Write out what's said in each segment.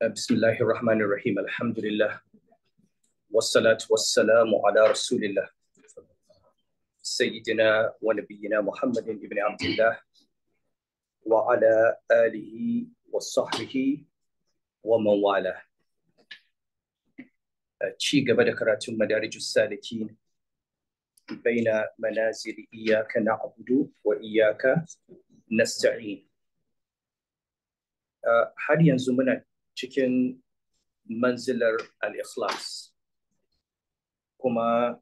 بسم الله الرحمن الرحيم الحمد لله والصلاة والسلام على رسول الله سيدنا ونبينا محمد بن عبد الله وعلى آله وصحبه ومن والاه ci gaba da karatun madarijus salikin baina manazil iyaka na'budu wa iyaka nasta'in har yanzu muna cikin manzilar al-ikhlas kuma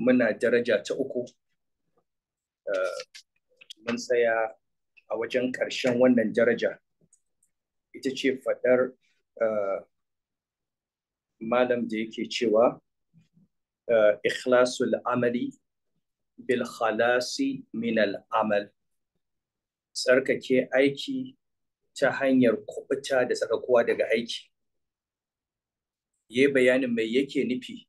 muna daraja ta uku eh, mun tsaya a wajen ƙarshen wannan daraja ita ce faɗar eh, malam da yake cewa eh, ikhlasul amali bil khalasi min al amal tsarkake aiki ta hanyar kubuta da saka kowa daga aiki ya bayanin mai yake nufi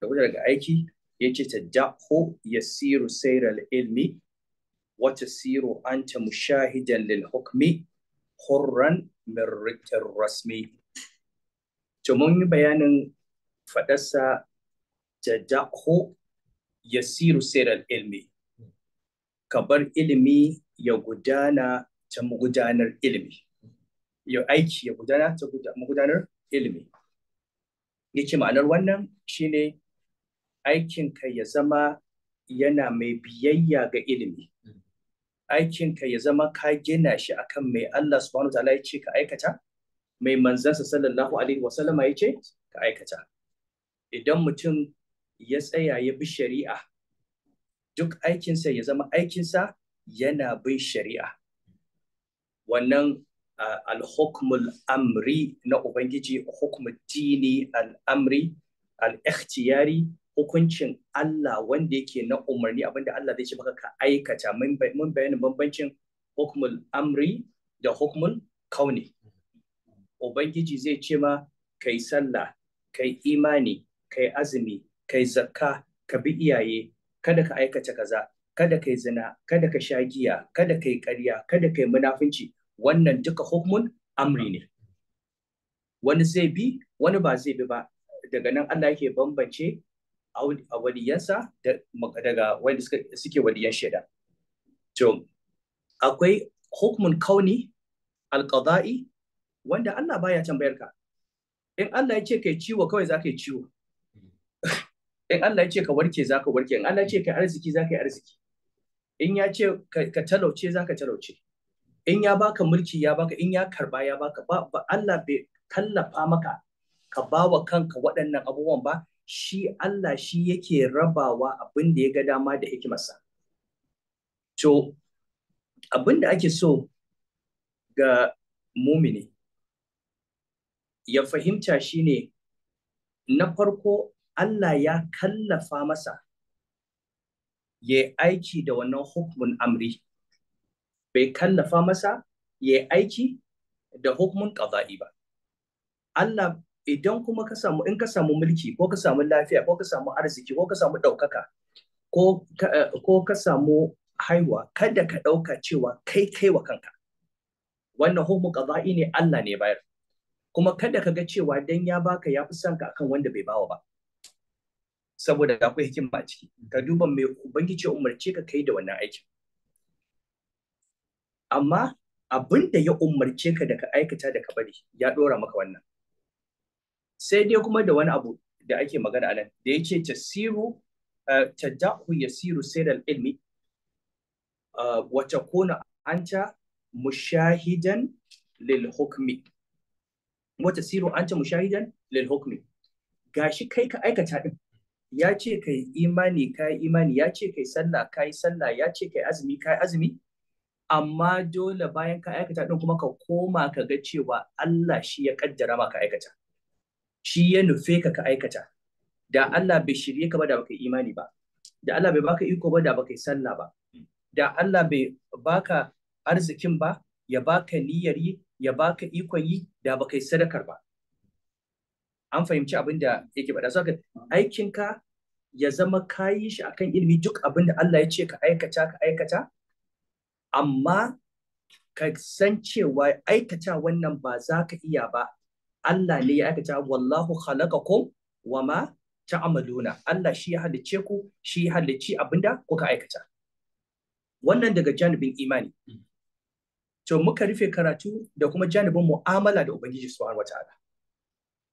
da kubuta daga aiki ya ce ta da'ho ya siru sairar ilmi wata siru an ta mushahidan lil hukmi hurran min rasmi to mun yi bayanin faɗarsa ta da'ho ya siru sairar ilmi ka bar ilimi ya gudana ta magudanar ilimi yau aiki ya gudana ta magudanar ilimi yake ma'anar wannan shine aikinka ya zama yana mai biyayya ga ilimi aikinka ya zama ka gina shi akan mai Allah subhanahu ta'ala ya ce ka aikata mai manzansa sallallahu alaihi wasallama ya ce ka aikata idan mutum ya tsaya ya bi shari'a duk aikinsa ya zama aikinsa yana bin shari'a wannan ah, al amri na ubangiji hukmul dini al-amri al-ikhtiyari hukuncin Allah wanda yake na umarni abinda Allah zai ce maka ka aikata mun bayanin bambancin hukmul amri da hukmul kauni ubangiji zai ce ma kai sallah kai imani kai azumi kai zakka ka bi iyaye kada ka aikata kaza kada kai zina kada ka sha giya kada kai ƙarya kada kai munafunci wannan duka hukumun amri ne wani zai bi wani ba zai bi ba daga nan Allah yake bambance a waliyansa daga wanda suke waliyan shaida to akwai hukumun kauni alqada'i wanda Allah baya tambayar ka in Allah ya ce kai ciwo kawai za ka yi ciwo in Allah ya ce ka warke za ka warke in Allah ya ce kai arziki za ka yi arziki in ya ce ka talauce za ka talauce in ya baka mulki ya baka in ya karba ya baka ba Allah bai tallafa maka ka ba wa kanka waɗannan abubuwan ba shi Allah shi yake rabawa abin da ya ga dama da hikimarsa to abin da ake so ga mumini ya fahimta shi ne na farko Allah ya kallafa masa ya aiki da wannan hukumin amri bai kallafa masa ya aiki da hukumin qada'i ba Allah idan kuma ka samu in ka samu mulki ko ka samu lafiya ko ka samu arziki ko ka samu ɗaukaka ko eh, ko ka samu haiwa kada ka ɗauka cewa kai kai wa kanka wannan hukumin qada'i ne Allah ne bayar kuma kada ka ga cewa dan ya baka ya fi son ka akan wanda bai bawa ba saboda akwai hikima ciki ka duba mai ubangiji umarce ka kai da wannan aikin amma abin da ya umarce ka da ka aikata da ka bari ya dora maka wannan sai dai kuma da wani abu da ake magana anan da ya ce tasiru eh, tadahu yasiru sayral ilmi eh, wa takuna anta mushahidan lil hukmi wa tasiru anta mushahidan lil hukmi gashi kai ka aikata din ya ce kai imani kai imani ya ce kai sallah kai sallah ya ce kai azumi kai azumi amma dole bayan ka aikata ɗin kuma ka koma ka ga cewa Allah shi ya kaddara maka aikata shi ya nufe ka ka aikata da Allah bai shirye ka ba da baka imani ba da Allah bai baka iko ba da baka sallah ba da Allah bai baka arzikin ba ya baka niyyar yi ya baka ikon yi da baka sadakar ba an fahimci abin da yake faɗa saka aikinka ya zama kayi shi akan ilimi duk abin da Allah ya ce ka aikata ka aikata amma ka san cewa aikata wannan ba za ka iya ba Allah ne ya aikata wallahu khalaqakum wama ta'maluna Allah shi ya halicce ku shi ya halicci abinda kuka aikata wannan daga janibin imani mm. to muka rufe karatu da kuma janibin mu'amala da ubangiji subhanahu wataala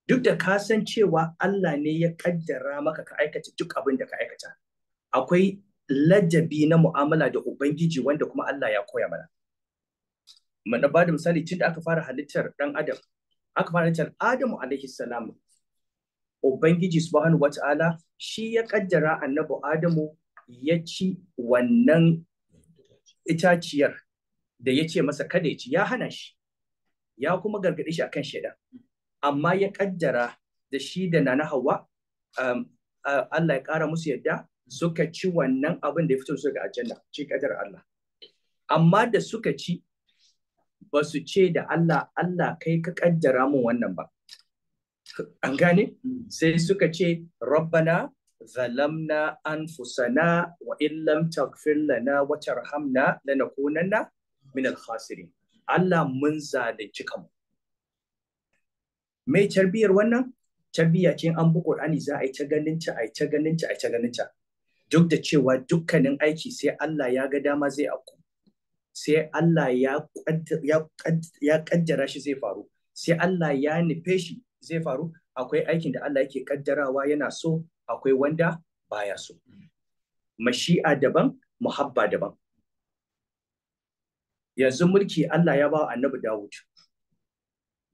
duk da ka san cewa Allah ne ya kaddara maka ka aikata duk abinda ka aikata akwai lajabi na mu'amala da ubangiji wanda kuma Allah ya koya mana mana ba da misali tun da aka fara halittar dan adam aka fara halittar adamu alaihi salam ubangiji subhanahu wata'ala shi ya kaddara annabi adamu ya ci wannan itaciyar da ya ce masa kada ya ci ya hana shi ya kuma gargaɗe shi akan shaidan amma ya kaddara da shi da nana hawa um, uh, Allah ya ƙara musu yadda suka ci wannan abin da ya fito daga ajanda ci kadar Allah amma da suka ci ba su ce da Allah Allah kai ka kaddara mun wannan ba an gane sai suka ce rabbana zalamna anfusana wa illam taghfir lana wa tarhamna lanakunanna min al Allah mun zalunci mu. mai tarbiyar wannan tarbiya ce an bi Qur'ani za a yi ta ganin ta a yi ta ganin ta a yi ta ganin ta duk da cewa dukkanin aiki sai Allah ya ga dama zai auku sai Allah ya kaddara shi zai faru sai Allah ya nufe shi zai faru akwai aikin da Allah yake kaddarawa yana so akwai wanda baya so mashi'a daban muhabba daban yanzu mulki Allah ya bawa annabi Dawud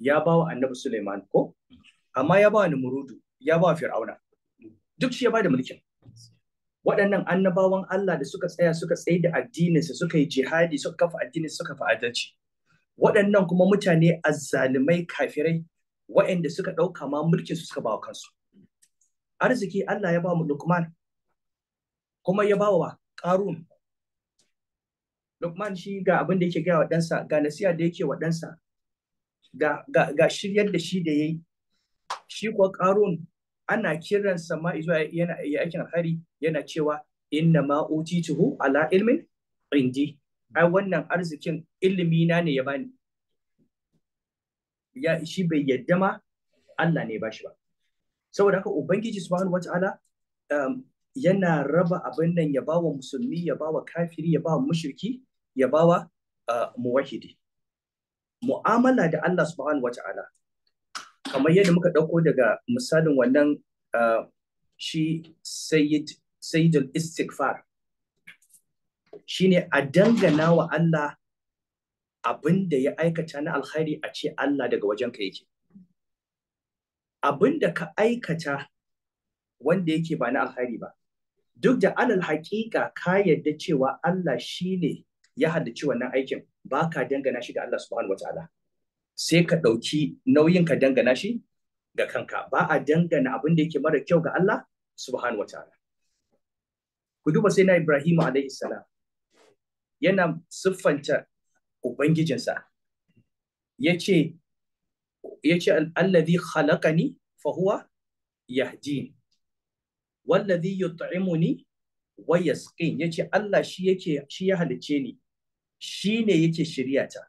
ya bawa annabi Suleiman ko amma ya bawa Numurudu ya bawa Fir'auna duk shi ya bada mulkin waɗannan annabawan Allah da suka tsaya suka tsaye da addininsu suka yi jihadi suka kafa addini suka kafa waɗannan kuma mutane azzalumai kafirai waɗanda suka ɗauka ma mulkin su suka bawa kansu arziki Allah ya ba mu Luqman kuma ya bawa Qarun Luqman shi ga abin da yake gaya wa ɗansa ga nasiha da yake wa ɗansa ga ga, ga shiryar da shi da yayi shi kuwa Qarun ana kiransa ma zuwa yana aikin hari. yana cewa inna ma utituhu ala ilmin indi ai wannan arzikin ilimi na ne ya bani ya shi bai yadda ma Allah ne ya bashi ba saboda haka ubangiji subhanahu wataala um, yana raba abin nan ya bawa musulmi ya bawa kafiri ya bawa mushriki ya bawa uh, muwahidi mu'amala da Allah subhanahu wataala kamar yadda muka ɗauko daga misalin wannan uh, shi sayyid sayyidul istighfar shine a dangana wa Allah abinda ya aikata na alkhairi a ce Allah daga wajen ka yake abinda ka aikata wanda yake ba na alkhairi ba duk da alal haƙiƙa ka yadda cewa Allah shine ya halicci wannan aikin ba ka dangana shi ga Allah subhanahu wataala sai ka ɗauki nauyin ka dangana shi ga kanka ba a dangana abinda yake mara kyau ga Allah subhanahu wataala ku duba sai na Ibrahimu alaihi salam yana siffanta ubangijinsa yace yace alladhi khalaqani fa huwa yahdini walladhi yut'imuni wa yasqin yace Allah shi yake shi ya halice ni shi ne yake shirya ta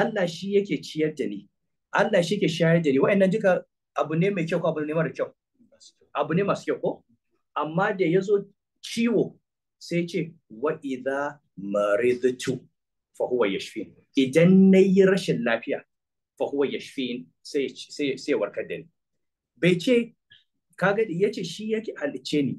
Allah shi yake ciyar da ni Allah shi yake shayar da ni wa'annan duka abu ne mai kyau ko abu ne mara kyau abu ne masu kyau ko amma da ya zo ciwo sai ce wa idza maridtu fa huwa yashfin idan nayi rashin lafiya fa huwa yashfin sai sai sai warkar da ni bai ce kaga yace shi yake halice ni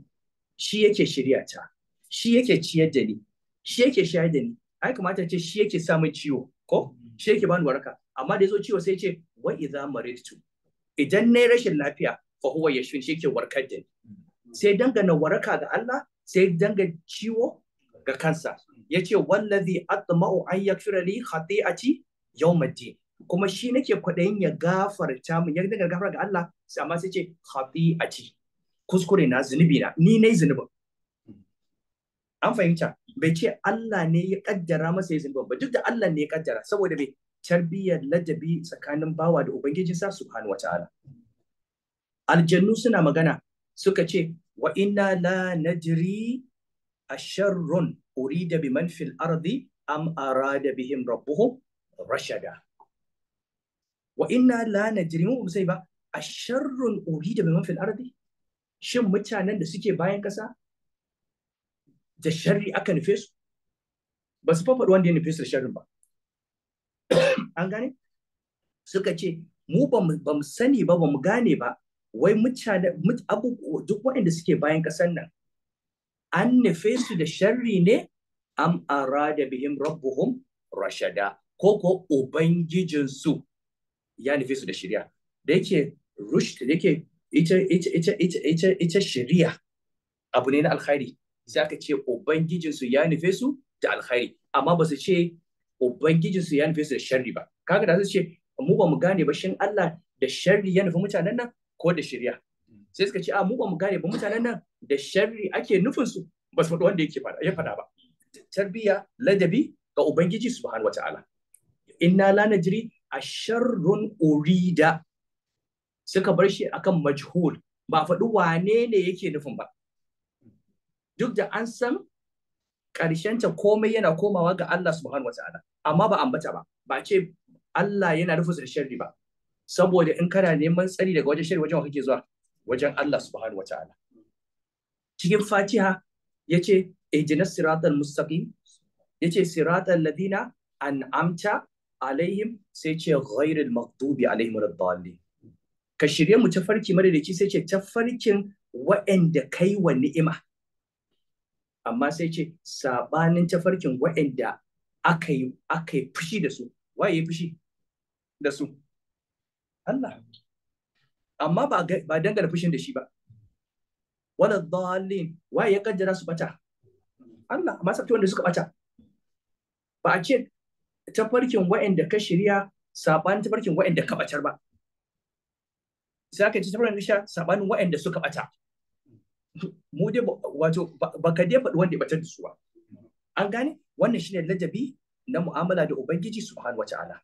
shi yake shirya ta shi yake ciyar da ni shi yake shayar da ni ai kamata ce shi yake sa min ciwo ko shi yake bani waraka amma da yazo ciwo sai ce wa idza maridtu idan nayi rashin lafiya fa huwa yashfin shi yake warkar da ni sai dangana waraka ga Allah sai danga ciwo ga kansa yace wallazi atma'u an yakshura li khati'ati yawmiddin kuma shi nake kwaɗayin ya gafarta mu ya danga gafara ga Allah sai amma sai ce khati'ati kuskure na zunubi na ni nayi zunubin an fahimta bai ce Allah ne ya kaddara masa ya zunubin ba duk da Allah ne ya kaddara saboda bai tarbiyyar ladabi tsakanin bawa da ubangijinsa subhanahu wataala aljannu suna magana suka ce wa inna la najri asharrun urida man fil ardi am arada bihim rabbuhum rashada wa inna la najri mu sai ba asharrun urida man fil ardi shin mutanen da suke bayan kasa da sharri aka nufe su ba su faɗi wanda ya nufe su da sharrin ba an gane suka ce mu ba mu sani ba ba mu gane ba wai mutane duk waɗanda suke bayan ƙasar nan an nufe su da sharri ne am arada bihim rabbuhum rashada ko ko ubangijinsu ya nufe su da shirya da yake rushd da yake ita ita shirya abu ne na alkhairi zaka ce ubangijinsu ya nufe su da alkhairi amma ba su ce ubangijinsu ya nufe su da sharri ba kaga da su ce mu ba mu gane ba shin Allah da sharri ya nufi mutanen nan ko da shirya sai suka ce a mu ba mu gane ba mutanen nan da sharri ake nufin su ba su faɗi wanda yake fada ya fada ba tarbiya ladabi ga ubangiji subhanahu wata'ala inna la najri asharrun urida suka bar shi akan majhul ba faɗi wane ne yake nufin ba duk da an san ƙarshenta komai yana komawa ga Allah subhanahu wata'ala amma ba ambata ba ba ce Allah yana nufin da sharri ba saboda in kana neman tsari daga wajen shirin wajen kake zuwa wajen Allah subhanahu wa ta'ala cikin fatiha yace ihdinas siratal mustaqim yace siratal ladina an'amta alaihim sai ce ghairil maghdubi alaihim waladdallin ka shirye mu tafarki, farki madadaci sai ce tafarkin farkin wa'anda kai wa ni'ima amma sai ce sabanin tafarkin farkin wa'anda aka yi fushi da su waye fushi da su Allah amma ba ba dangana fushin da shi ba wala dhalin waye ya kaddara su bata Allah amma sabta wanda suka bata ba a ce tafarkin wa'anda ka shirya sabanin tafarkin wa'anda ka bacar ba sai aka ce farkin shirya sabanin wa'anda suka bata mu dai wato ba ka dai faɗi wanda ya bacar da su ba an gane wannan shine ladabi na mu'amala da ubangiji subhanahu wata'ala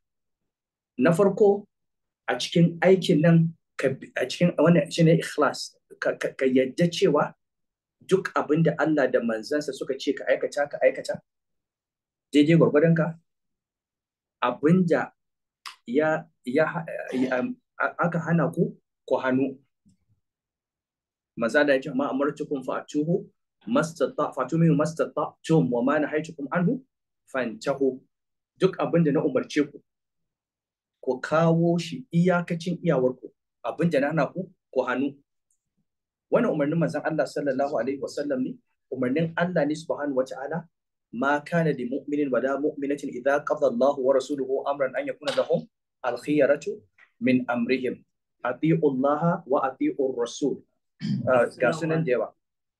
na farko a cikin aikin nan a cikin wannan ne ikhlas ka yadda cewa duk abin da Allah da manzansa suka ce ka aikata ka aikata daidai gwargwadon ka abin da ya ya um, aka hana ku ku hannu maza da yake ma amartukum fa'tuhu mastata fatumihu mastata tum wa ma nahaytukum anhu fantahu duk abin da na umarce ku ku kawo shi iyakacin iyawarku abin da na ku ku hannu wannan umarnin manzon Allah sallallahu alaihi wasallam ne umarnin Allah ne subhanahu wata'ala ma kana li mu'minin la mu'minatin idza qada Allahu wa rasuluhu amran an yakuna lahum al-khiyaratu min amrihim ati'u Allah wa ati'u rasul ah, ga sunan da yawa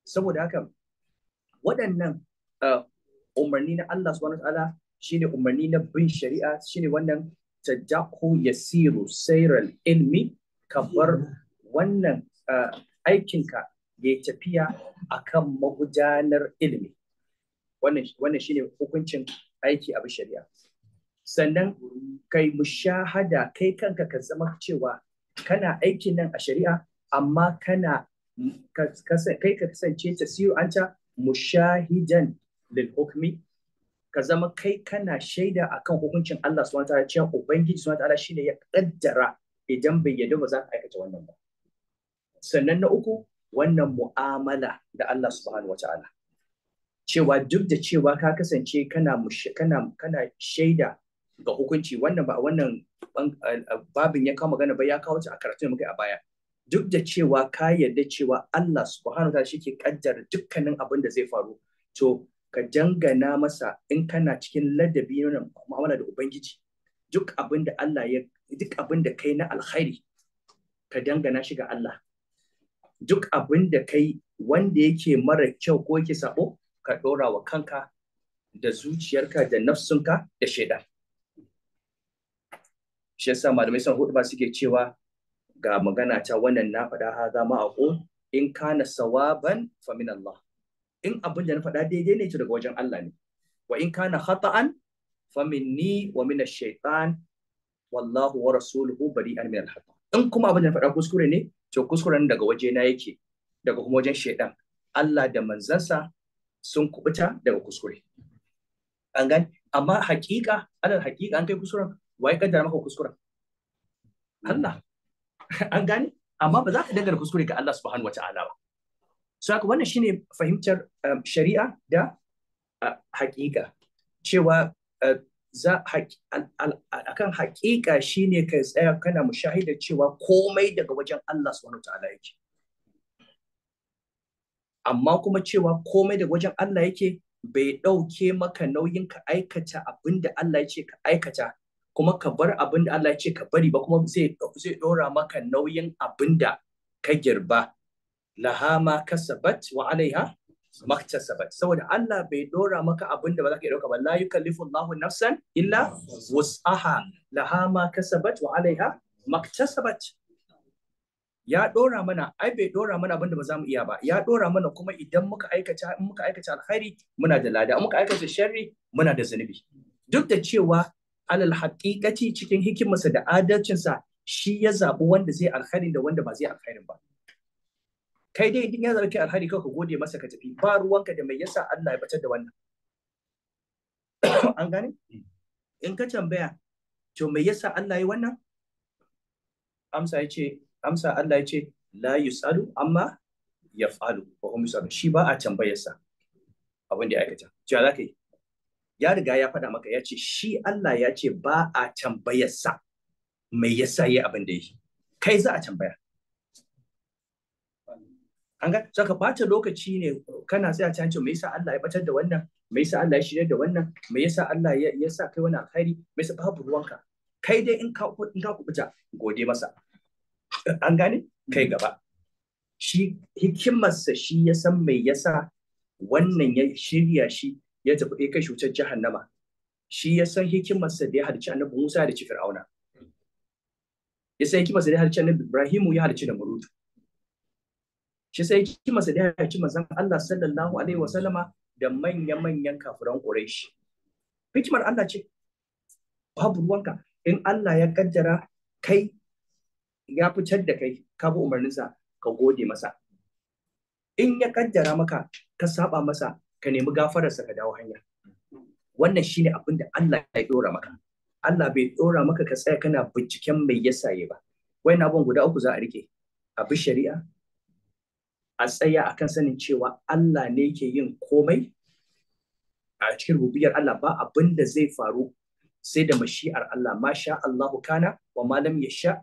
saboda haka waɗannan ah, umarni na Allah subhanahu wata'ala shine umarni na bin shari'a shine wannan tadahu yasiru sairal ilmi ka bar wannan aikinka ya tafiya akan magudanar ilmi wannan shine hukuncin aiki a shari'a sannan kai mushahada kai kanka ka zama cewa kana aikin nan a shari'a amma kana kai ka kasance tasiru anta mushahidan lil hukmi ka zama kai kana shaida akan hukuncin Allah subhanahu wataala cewa ubangiji subhanahu wataala shine ya kaddara idan bai yarda ba za ka aikata wannan ba sannan na uku wannan mu'amala da Allah subhanahu wataala cewa duk da cewa ka kasance kana shaida ga hukunci wannan ba wannan eh, babin ya kawo magana ba ya kawo ta a karatu da muka a baya duk da cewa ka yarda cewa Allah subhanahu wataala shi ke kaddara dukkanin abin da zai faru to ka dangana masa in kana cikin ladabi na mu'amala da ubangiji duk abin da Allah ya duk abin da kai na alkhairi ka dangana shi ga Allah duk abin da kai wanda yake mara kyau ko yake sabo ka dora wa kanka da zuciyarka da nafsunka da shaidan shi yasa malamai sun hudu ba suke cewa ga magana ta wannan na faɗa ha za ma in kana sawaban fa min Allah in abin da na faɗa daidai ne to daga wajen Allah ne wa in kana khata'an fa minni wa min ash-shaytan wallahu wa rasuluhu bari'an min al-khata in kuma abin da na faɗa kuskure ne to kuskuren daga waje na yake daga kuma wajen shaytan Allah da manzansa sun kubuta daga kuskure an gani amma hakika alal hakika an kai kuskuren wai kaddara maka kuskuren Allah an gani amma ba za ka dangana kuskure ga Allah subhanahu wataala ba so haka wannan shine fahimtar um, shari'a da uh, haƙiƙa cewa uh, za akan haƙiƙa shine ka tsaya kana mushahida cewa komai daga wajen Allah subhanahu ta'ala yake amma kuma cewa komai daga wajen Allah yake bai ɗauke maka nauyin ka aikata abin da Allah ya ce ka aikata kuma ka bar abin da Allah ya ce ka bari ba kuma zai ɗora maka nauyin abin da ka girba laha ma kasabat wa alaiha maktasabat saboda Allah bai dora maka abin da ba za ka iya dauka ba la yukallifu Allahu nafsan illa wus'aha laha ma kasabat wa alaiha maktasabat ya dora mana ai bai dora mana abin da ba za mu iya ba ya dora mana kuma idan muka aikata in muka aikata alkhairi muna da lada in muka aikata sharri muna da zunubi duk da cewa alal haqiqati cikin hikimarsa da adalcinsa shi ya zabi wanda zai alkhairin da wanda ba zai alkhairin ba kai dai idan ya zarki alhari ka gode masa ka tafi ba ruwanka da mai yasa Allah ya batar da wannan an gane in ka tambaya to mai yasa Allah ya wannan amsa ya ce amsa Allah ya ce la yusalu amma yaf'alu wa kuma yusalu shi ba a tambayar sa abin da ya aikata to ya zaka yi ya riga ya faɗa maka ya ce shi Allah ya ce ba a tambayar sa, mai yasa yi abin da yi kai za a tambaya an ga saka bata lokaci ne kana sai a ci me yasa Allah ya batar da wannan me yasa Allah ya shirya da wannan me yasa Allah ya sa kai wani alkhairi me yasa babu ruwanka kai dai in ka in ka kubuta gode masa an gane kai gaba shi hikimarsa shi ya san me yasa wannan ya shirya shi ya tafi kai shutar jahannama shi ya san hikimarsa da ya halicci annabi Musa da Fir'auna ya san hikimarsa da ya halicci annabi Ibrahimu ya halicci da Marutu shi sai ki masa da ya ci manzon Allah sallallahu alaihi wa sallama da manya-manyan kafiran Quraysh hikimar Allah ce babu ruwanka in Allah ya kaddara kai ya fitar da kai ka bi umarninsa ka gode masa in ya kaddara maka ka saba masa ka nemi gafararsa ka dawo hanya wannan shine abin da Allah ya dora maka Allah bai dora maka ka tsaya kana binciken mai yasa yi ba na abun guda uku za a rike a bi shari'a a tsaya a kan sanin cewa Allah ne ke yin komai a cikin rububiyar Allah ba abin da zai faru sai da mashi'ar Allah ma sha Allahu kana wa ma lam sha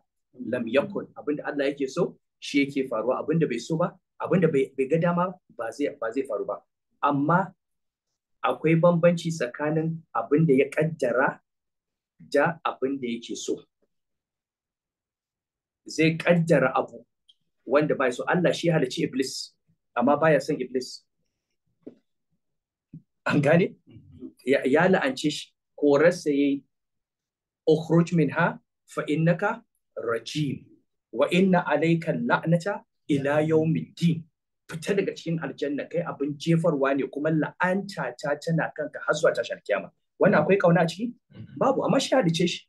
lam yakun da Allah yake so shi yake faruwa Abin da bai so ba abin da bai ga dama ba zai ba zai faru ba amma akwai bambanci tsakanin abin da ya kaddara da abin abinda yake so zai kaddara abu wanda ba so Allah shi halici iblis amma baya son iblis an gane ya la'ance shi korarsa yayi ukhruj minha fa innaka rajim wa inna alayka la'nata ila di. fita daga cikin aljanna kai abin jefarwa ne kuma la'anta ta tana kanka har zuwa tashar kiyama wannan akwai kauna ciki mm-hmm. babu amma shi halice shi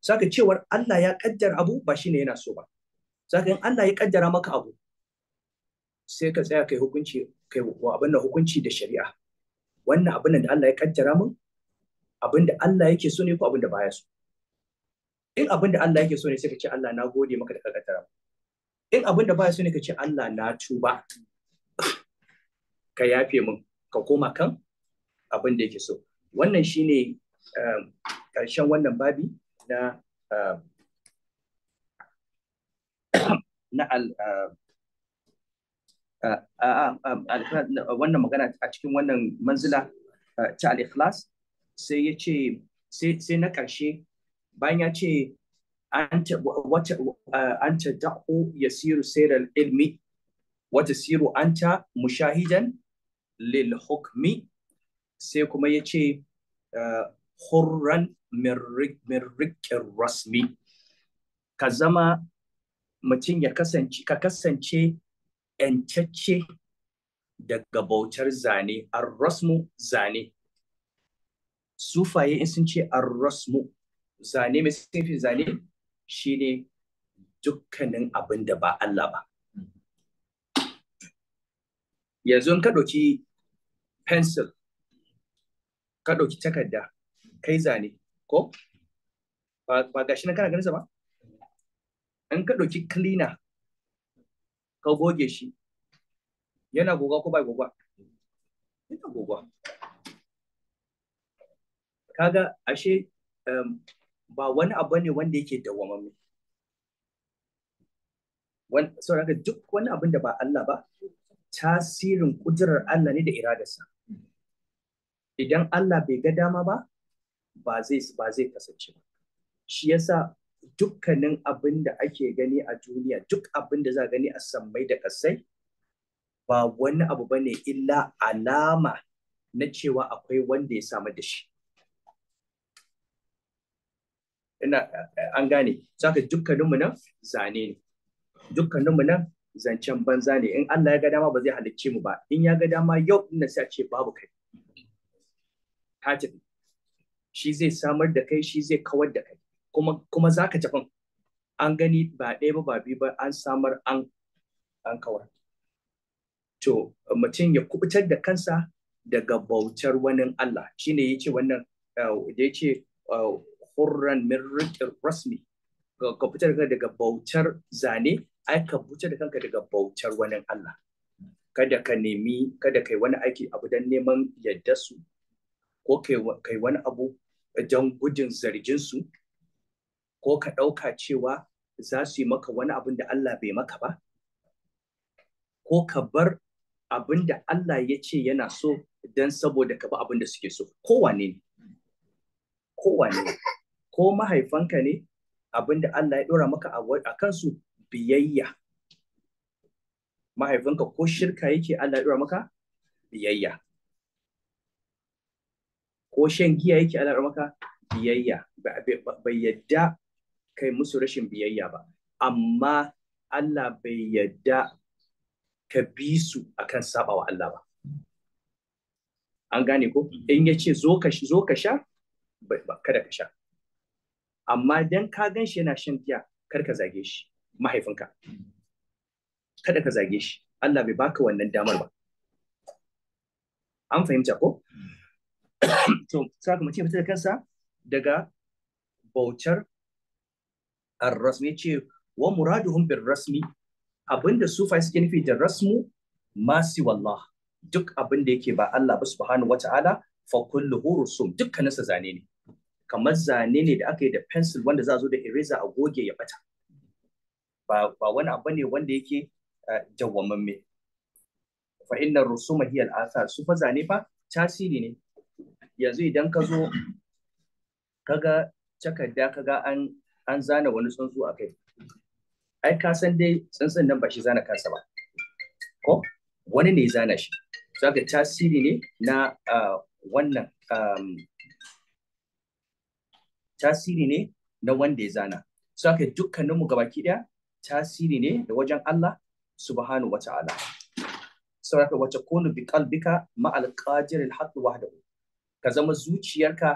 saka cewar Allah ya kaddar abu ba shi shine yana so ba saka in Allah ya kaddara maka abu sai ka tsaya kai hukunci kai abin da hukunci da shari'a wannan abin da Allah ya kaddara mun abin da Allah yake so ne ko abin da baya so in abin da Allah yake so ne sai ka ce Allah na gode maka da ka kaddara in abin da baya so ne ka ce Allah na tuba ka yafe mun ka koma kan abin da yake so wannan shine eh, ƙarshen wannan babi na eh, Ah, ah, ah, na wannan magana a cikin wannan manzila ta al-ikhlas sai ya ce sai na ƙarshe bayan ya ce an ta da'u ya siru sayar ilmi wata siru an ta mushahidan lil hukmi sai kuma ya ce hurran min rikin rasmi ka zama mutum ya kasance ka kasance ‘yantacce daga bautar zane arrasmu zane sufaye in sun ce arrasmu zane mai sinfi zane shine dukkanin abin da ba Allah ba yanzu in ka ɗauki pencil ka ɗauki takarda kai zane ko ba gashi nan kana ganin ba in ka ɗauki cleaner ka goge shi yana goga ko bai goga yana goga kaga ashe um, ba wani abu ne wanda yake dawwamamme saboda duk wani abin da ba Allah ba tasirin kudurar Allah ne da iradarsa idan Allah bai ga dama ba ba zai ba zai kasance ba shi yasa dukkanin abin da ake gani a duniya duk abin da za gani a sammai da kasai ba wani abu ba ne illa alama na cewa akwai wanda ya samu da shi ina an gane saka dukkaninmu nan zane ne dukkaninmu nan zancen banza ne in Allah ya ga dama ba zai halicce mu ba in ya ga dama yau ina sai ce babu kai Ta tafi shi zai samar da kai shi zai kawar da kai kuma kuma zaka jafan an gani ba ɗaya ba ba biyu ba an samar an an kawar to mutum ya kubutar da kansa daga bautar wani Allah shine yace wannan uh, da yace uh, hurran min rasmi ka fitar daga bautar zane ai ka fitar da kanka daga bautar wani Allah kada ka nemi kada kai wani aiki abu don neman yadda su ko kai wani abu don gudun zargin su ko ka ɗauka cewa za su yi maka wani abin da Allah bai maka ba ko ka bar abin da Allah ya ce yana so don saboda ka ba abin da suke so kowane ne kowane ne ko mahaifanka ne abin da Allah ya ɗora maka a kansu biyayya mahaifinka ko shirka yake Allah ya ɗora maka biyayya ko shan giya yake Allah ya ɗora maka biyayya bai yadda kai musu rashin biyayya ba amma Allah bai yadda ka bi su akan saba wa Allah ba an gane ko mm-hmm. in ya ce zo ka zo ka sha kada ka sha amma dan ka gan shi yana shan giya kar ka zage shi mahaifinka kada ka zage shi Allah bai baka wannan damar ba an fahimta ko mm-hmm. to saka mace fita da kansa daga bautar ar-rasmi yace wa muraduhum bir rasmi abinda sufai suke nufi da rasmu masi wallah duk abinda yake ba Allah ba subhanahu wata'ala fa kulluhu rusum dukkanin zane ne kamar zane ne da aka yi da fensil wanda za a zo da eraser a goge ya bata ba wani abu ne wanda yake dawwamamme fa inna rusuma hiya al-athar su fa zane fa tasiri ne yanzu idan ka zo kaga takarda ga an an zana wani tsuntsu a kai ai ka san dai tsuntsun nan ba shi zana kansa ba ko wani ne zana shi zaka tasiri ne na wannan tasiri ne na wanda ya zana zaka dukkaninmu gabaki daya tasiri ne da wajen Allah subhanahu wa ta'ala wata kunu bi qalbika ma al qadir al haq wahdahu ka zama zuciyarka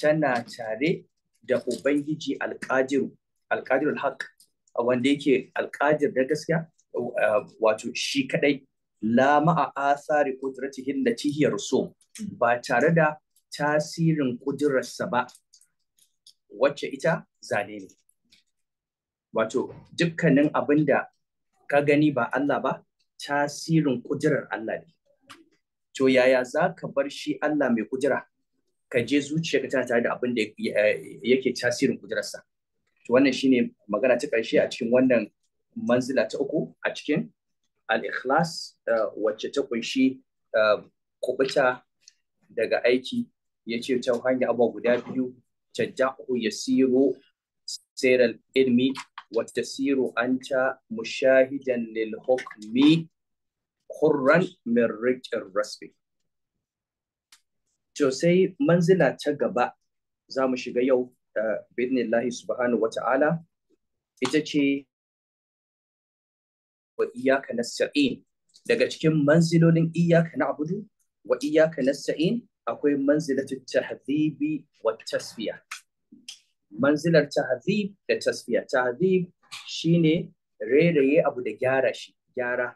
tana tare da ubangiji alƙadiru alƙadirul haq wanda yake alƙadir da gaskiya wato shi kadai la ma'a asari qudratihin da cihiyar so ba tare da tasirin kudurarsa ba wacce ita zane ne wato dukkanin abin da ka gani ba Allah ba tasirin kudurar Allah ne to yaya za ka bar shi Allah mai kudura ka je zuciyarka tana tare da abin da eh, yake tasirin kudurarsa to wannan shine magana ta ƙarshe a cikin wannan manzila ta uku a cikin al-ikhlas eh, wacce ta kunshi eh, kubuta daga aiki ya ce ta hanyar abubuwa guda biyu ta taddahu yasiru siral ilmi siro an anta mushahidan lil hukmi hurran min riqir rasmi Sosai manzila ta gaba za mu shiga yau da bidnillahi subhanahu wata'ala ita ce wa iyaka nasta'in daga cikin manzilolin iyaka na'budu wa iyaka nasta'in akwai manzilatu tahdhibi wa tasfiya manzilar tahdhib da tasfiya tahdhib shine rairaye abu da gyara shi gyara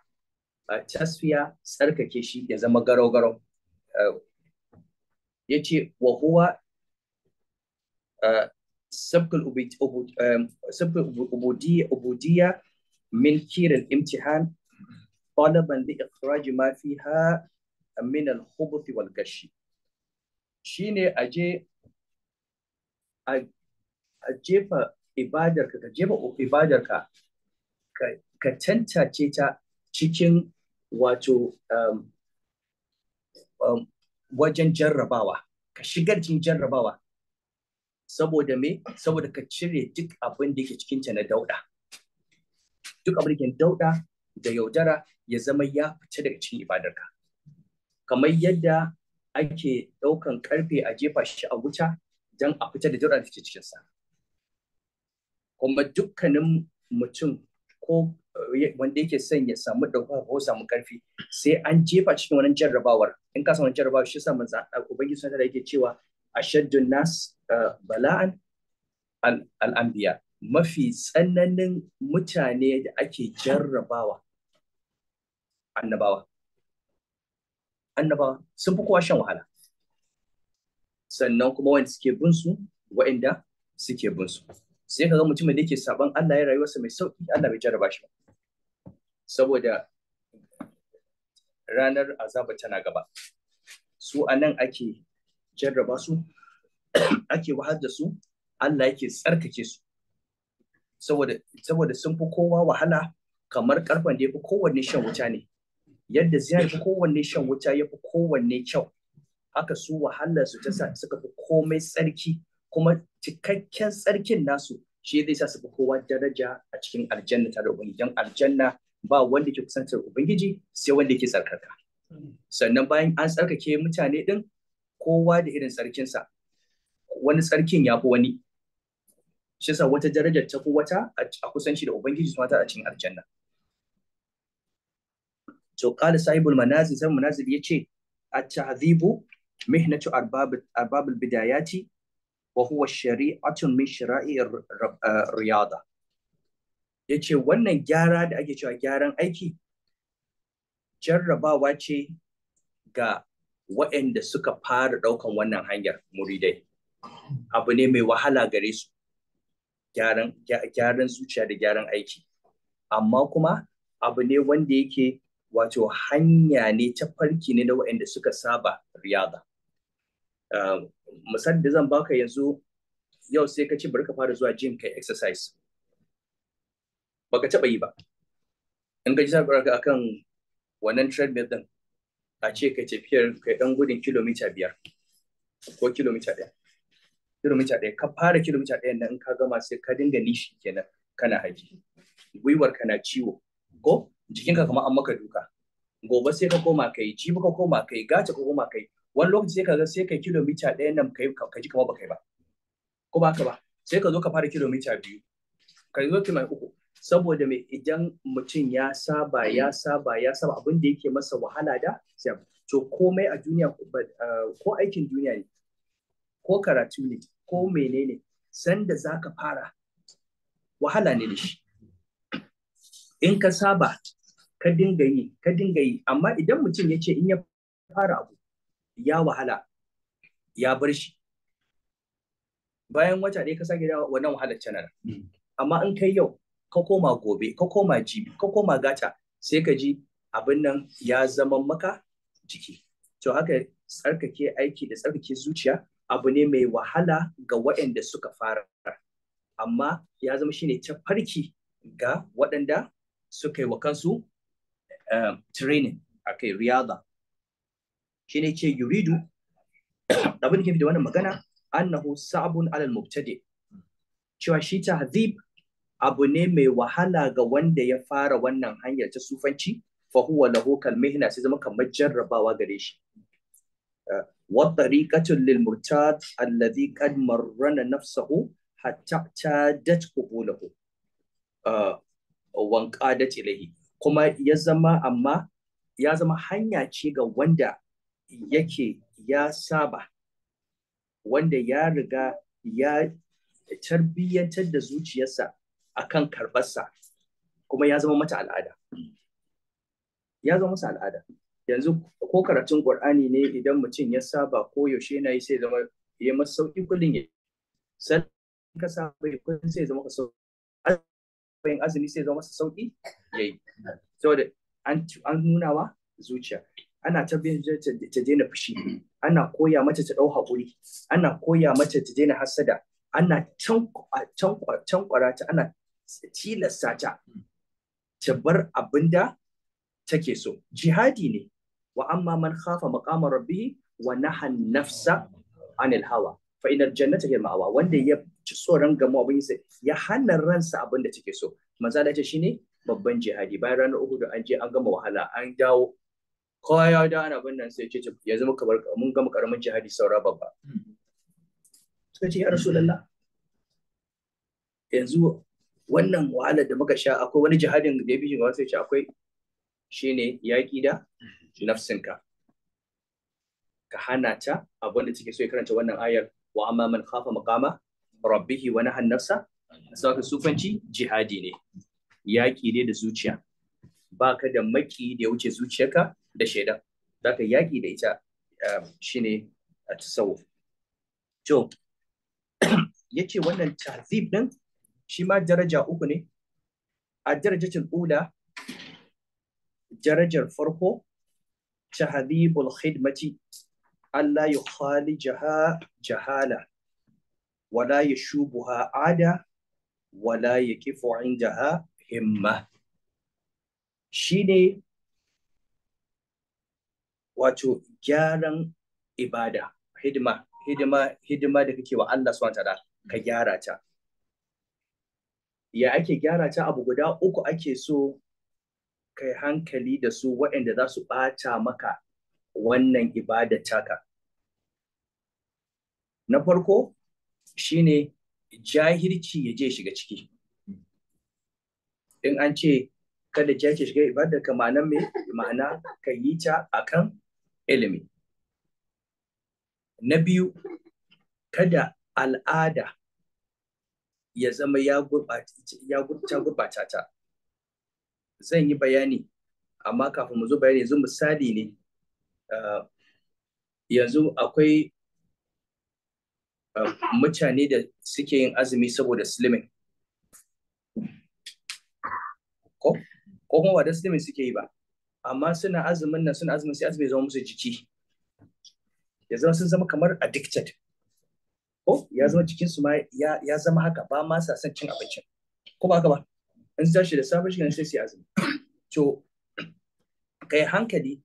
a tasfiya tsarkake shi ya zama garo-garo. Eh, ya ce wa huwa sabkul ubudiyya min kiran imtihan طلبا لإخراج ما فيها من الخبث والغش shine aje a jefa ibadarka ka jefa ibadarka ka tantace ta cikin wato um, um, wajen jarrabawa ka shigar cikin jarrabawa saboda me saboda ka cire duk abin da yake cikinta na dauda duk abin da dauda da yaudara ya zama ya fita daga cikin ibadarka kamar yadda ake daukan karfe a jefa shi a wuta dan a fita da dauda da ke cikinsa kuma dukkanin mutum ko wanda yake son ya samu dauka ko samu ƙarfi sai an jefa cikin wannan jarrabawar in ka samu jarrabawar shi Ko manzo ubangiji sun da yake cewa ashaddun nas eh, bala'an al'ambiya. mafi tsananin mutane da ake jarrabawa annabawa annabawa sun fi kowa shan wahala sannan kuma wanda suke binsu wa'inda suke binsu sai ka ga mutumin da yake saban Allah ya rayuwarsa mai sauki Allah bai jarraba shi ba saboda ranar azaba tana gaba su a nan ake jarraba su ake wahal da su Allah yake tsarkake su saboda saboda sun fi kowa wahala kamar karfan da ya fi kowanne shan wuta ne yadda zinar fi kowanne shan wuta ya fi kowanne kyau haka su wahalar su ta sa suka fi komai tsarki kuma cikakken tsarkin nasu shi zai sa su fi kowa daraja a cikin aljanna tare da don aljanna ba wanda ke kusantar ubangiji sai wanda ke tsarkaka sannan bayan an tsarkake mutane din kowa da irin tsarkinsa wani tsarkin ya fi wani shi sa wata darajar ta fi wata a kusanci da ubangiji su mata a cikin aljanna to kala sahibul manazil sai manazil yace at-tahdhibu mihnatu arbabul bidayati wa huwa shari'atun min riyada ya ce wannan gyara da ake cewa gyaran aiki jarrabawa ce ga waɗanda suka fara ɗaukan wannan hanyar muridai abu ne mai wahala gare su gyaran zuciya da gyaran aiki amma kuma abu ne wanda yake wato hanya ne ta farki ne da waɗanda suka saba riyada misali da zan baka yanzu yau sai ka ce bari ka fara zuwa jin kai exercise baka taba yi ba in ka ji sabuwar ka akan wannan treadmill din a ce ka tafiyar kai dan gudun kilomita biyar ko kilomita ɗaya kilomita ɗaya ka fara kilomita ɗaya nan in ka gama sai ka dinga nishi kenan kana haji gwiwar kana ciwo ko jikinka kamar an maka duka gobe sai ka koma kai jibi ka koma kai gata ka koma kai wani lokaci sai ka ga sai kai kilomita ɗaya nan kai ka ji kamar baka yi ba ko ba ka ba sai ka zo ka fara kilomita biyu ka zo kilomita uku saboda me idan mutum ya saba ya saba ya saba abin da yake masa wahala da to komai a duniya uh, ko aikin duniya ne ko karatu ne ko menene sanda za ka fara wahala ne da shi in ka saba ka dinga yi ka dinga yi amma idan mutum ya ce in ya fara abu ya wahala ya bar shi bayan wata ɗaya ka sake wannan wahalar canar hmm. amma in kai yau ka koma gobe ka koma jibi ka koma gata sai ka ji abin nan ya zama maka jiki to haka tsarkake aiki da tsarkake zuciya abu ne mai wahala ga waɗanda suka fara amma ya zama shine tafarki ga waɗanda suka yi wa kansu eh, training akai riyada shine ce yuridu abin da ke da wannan magana annahu sabun alal mubtadi cewa shi tahdhib abu ne mai wahala ga wanda ya fara wannan hanyar ta sufanci fa huwa lahu kal sai zama kamar jarrabawa gare shi eh, wa tariqatun lil murtad alladhi qad marrana nafsahu hatta tadat qubulahu eh, wan qadat ilayhi kuma ya zama amma ya zama hanya ce ga wanda yake ya saba wanda ya riga ya tarbiyyantar da zuciyarsa akan karɓarsa kuma ya zama mata al'ada ya zama masa al'ada yanzu ko karatun qur'ani ne idan mutum ya saba ko yaushe yana yi sai zama ya masa sauki kullum ya san ka saba kullum sai zama ka sauki yin azumi sai zama masa sauki yayi saboda an an wa zuciya ana ta ta daina fushi ana koya mata ta dau hakuri ana koya mata ta daina hasada ana tankwara ta ana tilasta ta ta bar abin da take so jihadi ne wa amma man khafa maqama rabbihi wa naha nafsa anil hawa fa inal jannata hiya ma'awa wanda ya ci tsoron gamo abin sai ya hana ransa abin da take so manzo da ce shine babban jihadi bayan ranar uku da an je an gama wahala an dawo kowa ya ana abin nan sai ce yanzu muka bar mun gama karamin jihadi saura babba hmm. suka ce ya rasulullah yanzu wannan wahalar da muka sha akwai wani jihadin da ya bi shiga wasu akwai shine yaƙi da nafsinka ka hana ta abin da take so ya karanta wannan ayar wa amma man khafa maqama rabbihi wa nahan nafsa saka sufanci jihadi ne yaƙi ne da zuciya baka da maki da ya wuce zuciyarka da shaida zaka yaƙi da ita um, shine a uh, tasawuf to yace wannan tahzib din shi ma daraja uku ne a darajatul ula darajar farko tahdhibul khidmati Allah ya khali jahala wala ya shubuha ada wala ya kifu indaha himma shine wato gyaran ibada hidima hidima hidima da kake wa Allah subhanahu wa ka gyara ta ya ake gyara ta abu guda uku ake so kai hankali da su waɗanda za su ɓata maka wannan ibada taka. Na farko shi ne jahirci ya je shiga ciki. In an ce kada jahirci shiga ibada ka me ma'ana ka yi ta a kan ilimi. Na biyu kada al'ada ya zama ya gurbata ta zan yi bayani amma kafin mu zo bayani yanzu misali ne ah, yanzu akwai ah, mutane da suke yin azumi saboda slimin ko kuma wa slimin suke yi ba amma suna azumin nan suna azumin sai azumin zama musu jiki ya zama sun zama kamar addicted ko ya zama cikin su ma ya zama haka ba ma sa son cin abincin ko ba haka ba in tashi da safe shi sai sai azumi to kai hankali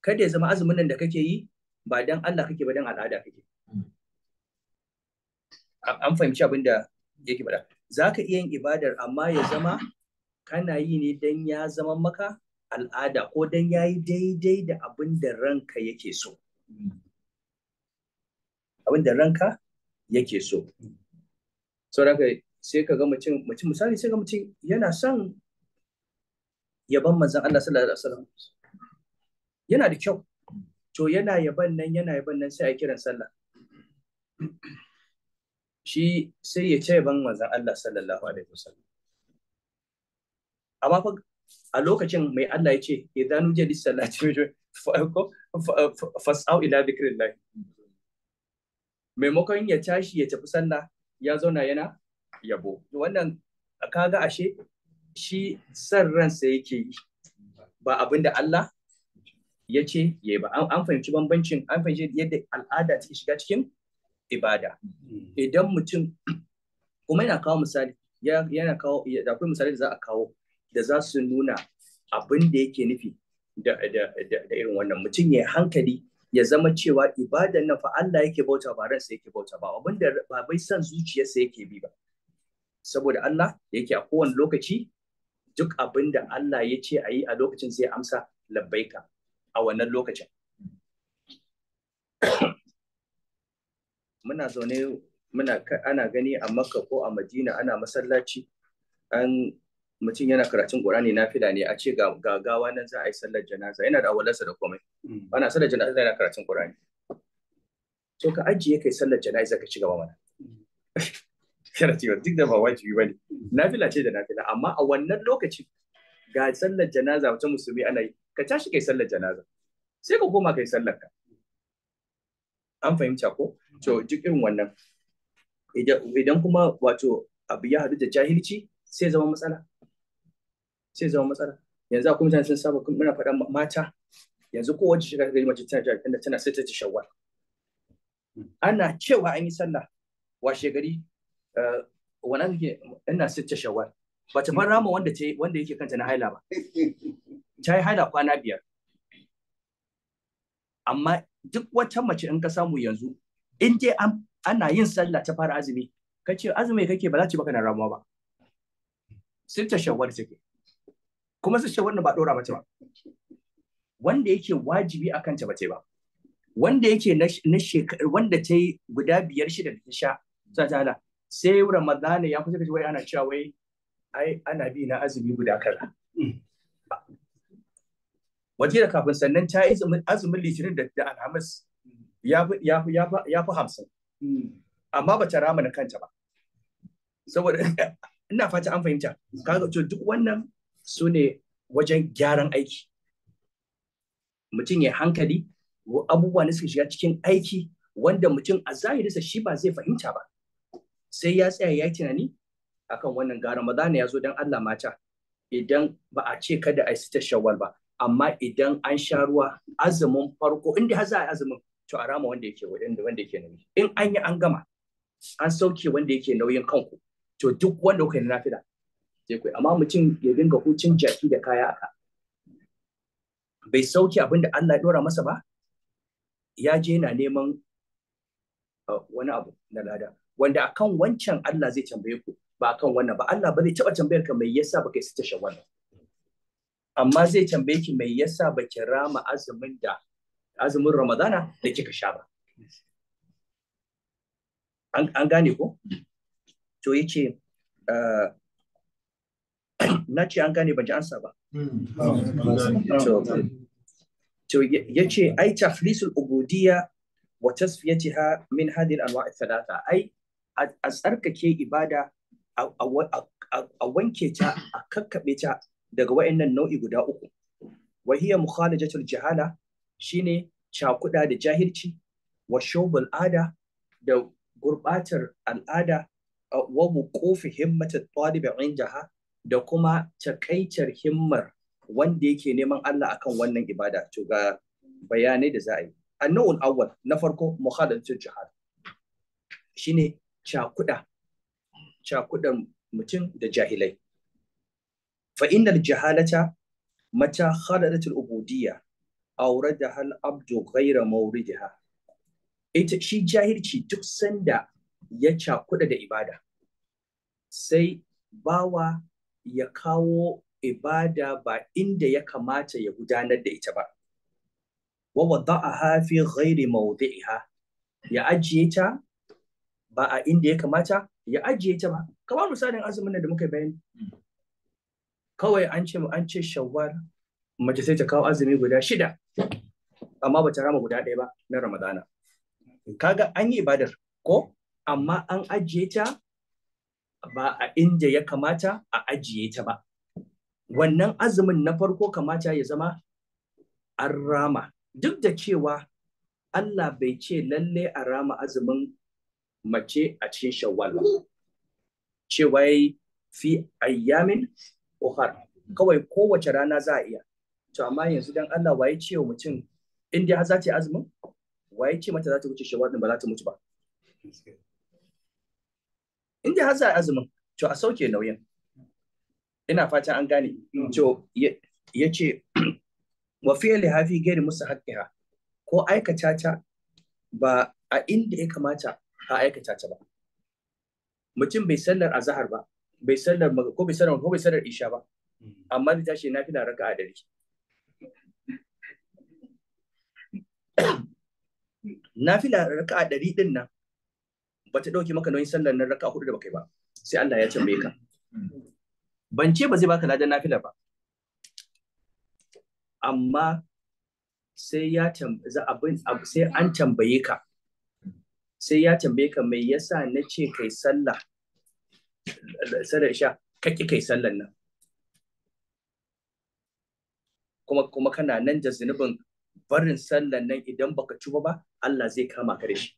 kada ya zama azumin nan da kake yi ba dan Allah kake ba dan al'ada kake an fahimci abin da yake bada za ka iya yin ibadar amma ya zama kana yi ne dan ya zama maka al'ada ko dan ya yi daidai da abin da ranka yake so abin da ranka yake so saboda sai ka ga mutum mutum misali sai ga mutum yana son yaban manzon Allah sallallahu alaihi wasallam yana da kyau to yana yaban nan yana yaban nan sai a kiran sallah shi sai ya ce ban manzon Allah sallallahu alaihi wasallam amma fa a lokacin mai Allah ya ce idan nuja lis salati fas'au ila dhikrillah maimakon ya tashi ya tafi sallah ya zauna yana yabo wannan ga ashe shi san ransa yake yi ba abin da Allah ya ce ya ba an fahimci bambancin an fahimci yadda al'ada take shiga cikin ibada hmm. idan mutum kuma yana kawo misali yana kawo da akwai misali da za a kawo da za su nuna abin da yake nufi da irin wannan mutum ya hankali ya zama cewa ibadan nan fa Allah yake bauta ba ransa yake bauta ba abin ba bai san zuciyarsa yake bi ba saboda Allah yake a kowane lokaci duk abinda Allah ya ce a yi a lokacin sai amsa labbaika a wannan lokacin muna zaune muna ana gani a makka ko a madina ana masallaci an mutum yana karatun Qur'ani nafila ne a ce ga gawa nan za a yi sallar janaza yana da awalarsa da komai mm. ana sallar janaza yana karatun Qur'ani to ka ajiye kai sallar janaza ka ci gaba mana karatu mm. duk da ba wajibi bane nafila ce da nafila amma a wannan lokaci ga sallar janaza wata musulmi ana yi ka tashi kai sallar janaza sai ka koma kai sallar ka an fahimta ko to duk irin wannan idan kuma wato abu ya hadu da jahilci sai zama matsala sai zama matsala yanzu akwai mutane sun saba muna faɗa mata yanzu ko wacce shiga gari mace tana jira da tana sai ta ci shawwal ana cewa an yi sallah washe gari eh, wannan ke ina sai ta shawwal ba ta fara mu wanda ta wanda yake kanta na haila ba ta yi haila kwana biyar amma duk wata mace in ka samu yanzu in dai ana yin sallah ta fara azumi kace azumi kake ba za ta baka na ramuwa ba sai ta shawwal take kuma su ce wannan ba ɗora mace ba wanda yake wajibi a kanta ba ba wanda yake na shekaru wanda ta yi guda biyar shida da ta sha ta tala sai ramadana ya kusa kace wai ana cewa wai ai ana bi na azumi guda kaza waje da kafin sannan ta yi azumin litinin da alhamis ya fi hamsin amma ba ta rama na kanta ba saboda ina fata an fahimta kaga to duk wannan su ne wajen gyaran aiki mutum ya hankali abubuwa ne suka shiga cikin aiki wanda mutum a zahirinsa shi ba zai fahimta ba sai ya tsaya ya yi tunani akan wannan gara maza ne ya zo don Allah mata idan ba a ce kada a yi ta shawwal ba amma idan an sha ruwa azumin farko inda za a yi azumin to a rama wanda yake wanda yake nauyi in an yi an gama an sauke wanda yake nauyin kanku to duk wanda kuka yi nafila zai kai amma mutum ya dinga hucin jaki da kaya aka bai sauke abin da Allah ya dora masa ba ya je yana neman uh, wani abu na lada wanda akan wancan Allah zai tambaye ku ba akan wannan ba Allah ba zai taba tambayar ka mai yasa baka yi tashin wannan amma zai tambaye ki mai yasa baki rama azumin da azumin Ramadana da kika sha ba an gane ko to yace uh, na ce an gane ban ji ansa ba hmm. to ya ce ai taflisul ubudiya wa ha min hadhihi al-anwa' thalatha ai a tsarkake ibada a wanke ta a kakkaɓe ta daga wayannan nau'i guda uku wa hiya mukhalajatul jahala shine cakuda da jahilci wa shawbul al'ada da gurbatar al'ada wa kofi himmatar ɗalib'in jaha da kuma takaitar himmar wanda yake neman Allah akan wannan ibada to ga bayanai da za a yi annawul awwal na farko muhadatul jihad shine cakuda cakudan mutum da jahilai fa innal jahalata mata khaladatul ubudiyya da hal abdu ghayra mawridiha ita shi jahilci duk sanda ya cakuda da ibada sai bawa ya kawo ibada ba inda ya kamata ya gudanar da ita ba. Wa wada'aha fi ghairi mawdi'iha ya ajiye ta ba a inda ya kamata ya ajiye ta ba. Kamar misalin azumin da muka bayani. Kawai an ce an ce mace sai ta kawo azumi guda shida amma ba ta rama guda ɗaya ba na Ramadana. Kaga an yi ibadar ko amma an ajiye ta ba a inda ya kamata a ajiye ta ba. Wannan azumin na farko kamata ya zama an rama, duk da cewa Allah bai ce lalle a rama azumin mace a cikin shawwal ba. Cewa fi ayyamin uhar kawai kowace rana za a iya. To amma yanzu dan Allah waye ce wa mutum inda za ta yi azumin waye ce mata za ta wuce shawwal ba za ta mutu ba. in dai har za a azumin to a sauke nauyin ina fata an gane mm. to ya ce wa fi'li hafi gairi musu haqqiha ko aikata ta ba a inda ya kamata a aikata ta ba mutum bai sallar azhar ba bai sallar ko bai sallar ko bai sallar isha ba mm. amma zai tashi na nafila raka'a dare nafila raka'a dari din nan ba ta dauke maka nauyin sallar nan raka hudu da baka ba sai Allah ya tambaye ka ban ce ba zai baka ladan nafila ba amma sai ya abin sai an tambaye ka sai ya tambaye ka me yasa nace kai sallah sallar isha kake kai sallar nan kuma kuma kana nan da zunubin barin sallar nan idan baka tuba ba Allah zai kama ka da shi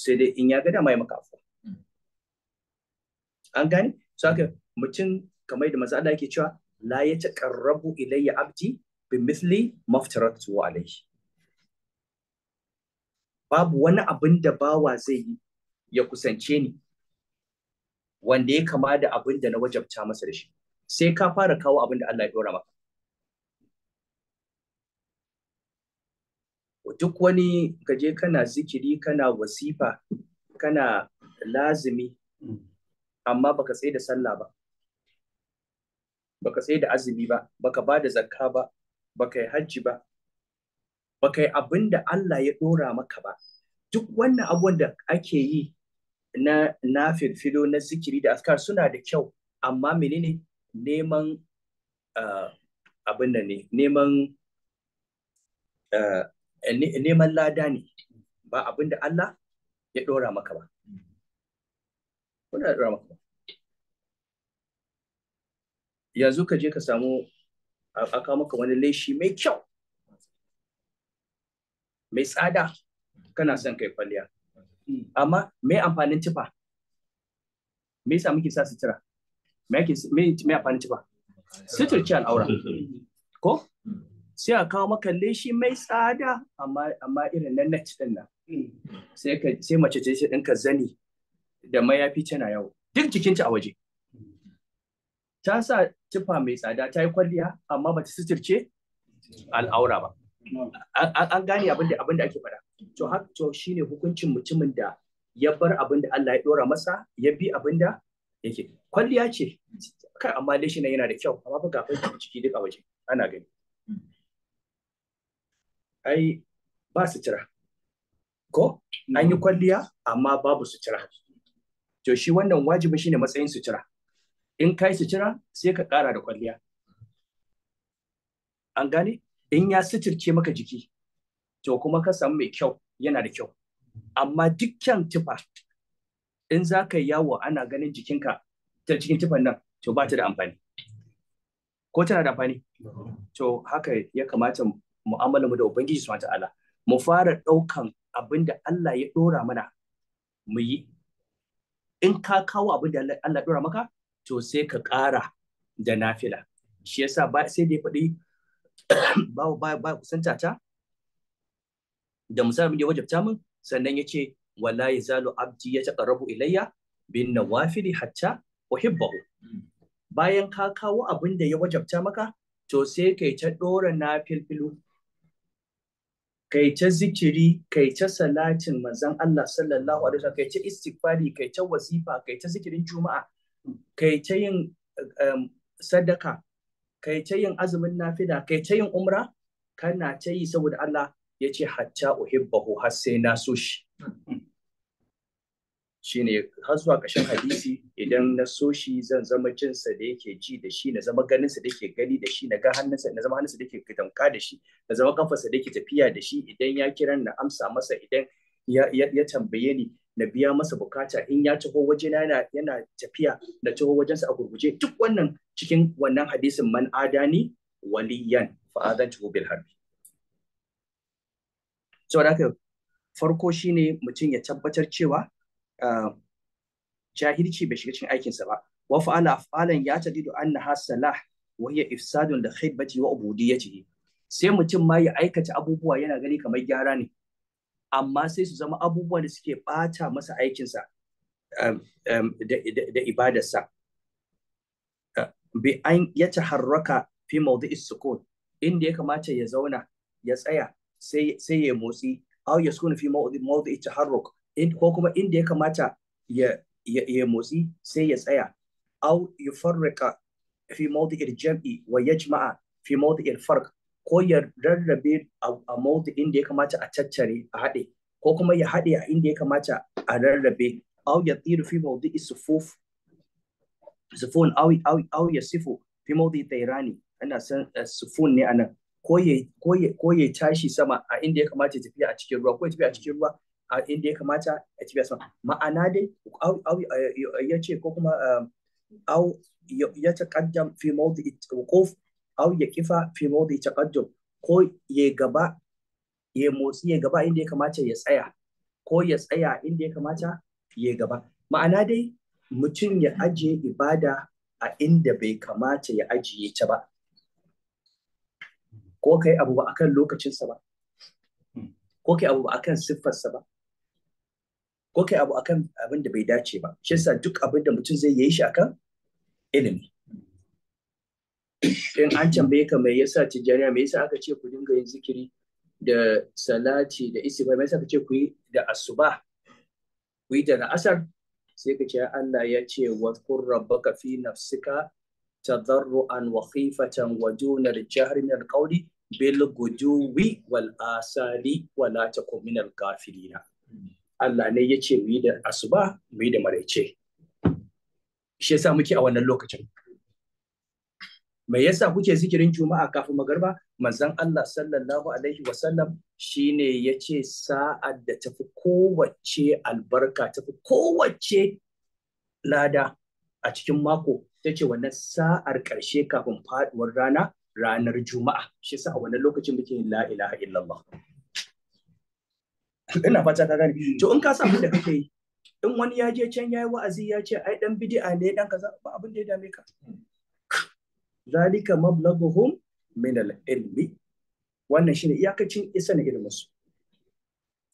sai dai in ya ga dama ya maka afuwa hmm. an gane so haka mutum kamar da maza Allah yake cewa la ya taqarrabu ilayya abdi bi mithli maftaratu alayhi babu wani abin da bawa zai yi ya kusance ni wanda ya kama da abin da na wajabta masa da shi sai ka fara kawo abin da Allah ya dora maka duk wani kaje kana zikiri kana wasifa kana lazimi amma baka tsaye da sallah ba baka tsaye da azumi ba baka ba da zakka ba baka yi hajji ba baka yi abin Allah ya ɗora maka ba duk wannan abubuwan da ake yi na na firfilo na zikiri da askar suna da kyau amma menene neman ah, abin da ne neman ah, neman lada ne ba abin da Allah ya ɗora maka ba. Kuna ɗora maka ba. Yanzu ka je ka samu aka maka wani leshi mai kyau, mai tsada kana son kai kwalliya. Amma mai amfanin tufa? Me yasa muke sa sutura? Me amfanin tufa? ce al'aura. Ko? sai a kawo maka leshi mai tsada amma irin nan na cikin nan sai mace ce shi ɗinka zani da mayafi tana yawo duk jikinta a waje ta sa tufa mai tsada ta yi kwalliya amma bata suturce al'aura ba an gane abin da ake faɗa to haka to shine hukuncin mutumin da ya bar abin da Allah ya dora masa ya bi abin da yake kwalliya ce kai amma leshi nan yana da kyau amma fa ga ciki duk a waje ana gani ai ba su cira ko mm. an yi kwalliya amma babu su cira to shi wannan wajibi shine matsayin su cira in kai su cira sai ka ƙara da kwalliya an gane in ya sitirce maka jiki to kuma ka samu mai kyau yana da kyau amma dukkan tufa in za ka yawo ana ganin jikinka ta cikin tufan nan to ba ta da amfani ko tana da amfani to haka ya kamata mu'amalar mu da ubangiji subhanahu ta'ala mu fara ɗaukan abinda da Allah ya dora mana mu yi in ka kawo abin da Allah dora maka to sai ka ƙara da nafila shi yasa ba sai da ya faɗi ba ba kusanta ta da musamman ya wajabta min sannan ya ce walayi zalu abdi ya taqarrabu ilayya bin nawafili hatta uhibbahu bayan ka kawo abinda ya wajabta maka to sai kai ta dora na kai ta zikiri kai ta salatin manzon Allah sallallahu alaihi wasallam kai ta istighfari kai ta wasifa kai ta zikirin juma'a kai ta yin um, sadaka kai ta yin azumin nafila kai ta yin umra kana ta yi saboda Allah ya ce hatta uhibbahu har sai na so shi hmm. shine har zuwa ƙarshen hadisi idan na so shi zan zama jinsa da yake ji da shi na zama ganinsa da yake gani da shi na ga hannunsa na zama hannunsa da yake tamka da shi na zama kafarsa da yake tafiya da shi idan ya kira na amsa masa idan ya tambaye ni na biya masa bukata in ya taho waje yana yana tafiya na taho wajensa a gurguje duk wannan cikin wannan hadisin man adani waliyan fa adantu bil harbi saboda haka farko shine mutum ya tabbatar cewa Um, jahilci bai shiga cikin aikinsa ba wa fa'ala fa'alan ya tadidu anna hasalah wa hiya ifsadun da khidbati wa ubudiyyati sai mutum ma ya aikata abubuwa yana gani kamar gyara ne amma sai su zama abubuwa da suke bata masa aikinsa um, um, da ibadarsa bi an ya taharraka fi mawdi'is sukun inda ya kamata ya zauna ya tsaya sai ya motsi aw yaskunu fi mawdi'i taharruk ko kuma inda ya kamata ya ya motsi sai ya tsaya au yufarrika fi mawdi'il jam'i wa yajma'a fi mawdi'il farq ko ya rarrabe a mawdi'in inda ya kamata a tattare a haɗe ko kuma ya haɗe a inda ya kamata a rarrabe au ya tsiru fi mawdi'i sufuf sufun au au au ya sifu fi mawdi'i tayrani ana san eh, sufun ne anan ko ya ko ya tashi sama a inda ya kamata ya tafiya a cikin ruwa ko ya tafiya a cikin ruwa a inda ya kamata a cibiya sama ma'ana dai ya ce ko kuma um, au ya taƙaddam fi mawdi wuquf au ya kifa fi mawdi taqaddum ko ya gaba ya motsi ya gaba inda ya kamata ya tsaya ko ya tsaya inda ya kamata ya gaba ma'ana dai mutum ya ajiye ibada a inda bai kamata ya ajiye ta ba ko kai abu ba akan lokacinsa ba hmm. ko kai abu ba akan siffarsa ba ko kai abu akan abin da bai dace ba shi yasa duk abin da mutum zai yi shi akan ilimi in an tambaye ka mai yasa tijjaniya mai yasa aka ce ku dinga yin zikiri da salati da isifa mai yasa aka ce ku yi da asuba ku yi da la'asar sai ka ce Allah ya ce wa qur rabbaka fi nafsika tadarruan wa khifatan wa duna al-jahri min al bil guduwi wal asali wa la takun min al-ghafilina Allah ne ya ce mu yi da asuba mu yi da maraice shi yasa muke a wannan lokacin me yasa kuke zikirin juma'a kafin magarba manzon Allah sallallahu alaihi wasallam shine yace sa'ad da tafi kowace albarka tafi kowace lada a cikin mako tace wannan sa'ar karshe kafin faduwar rana ranar juma'a shi yasa a wannan lokacin muke la ilaha illallah ina fata ka gane mm. to in ka sa abin da kake yi in wani ya je can yayi wa'azi ya ce ai dan bid'a ne dan kaza ba abin da ya dame ka mm. zalika mablaghuhum min al-ilmi wannan shine iyakacin isa na su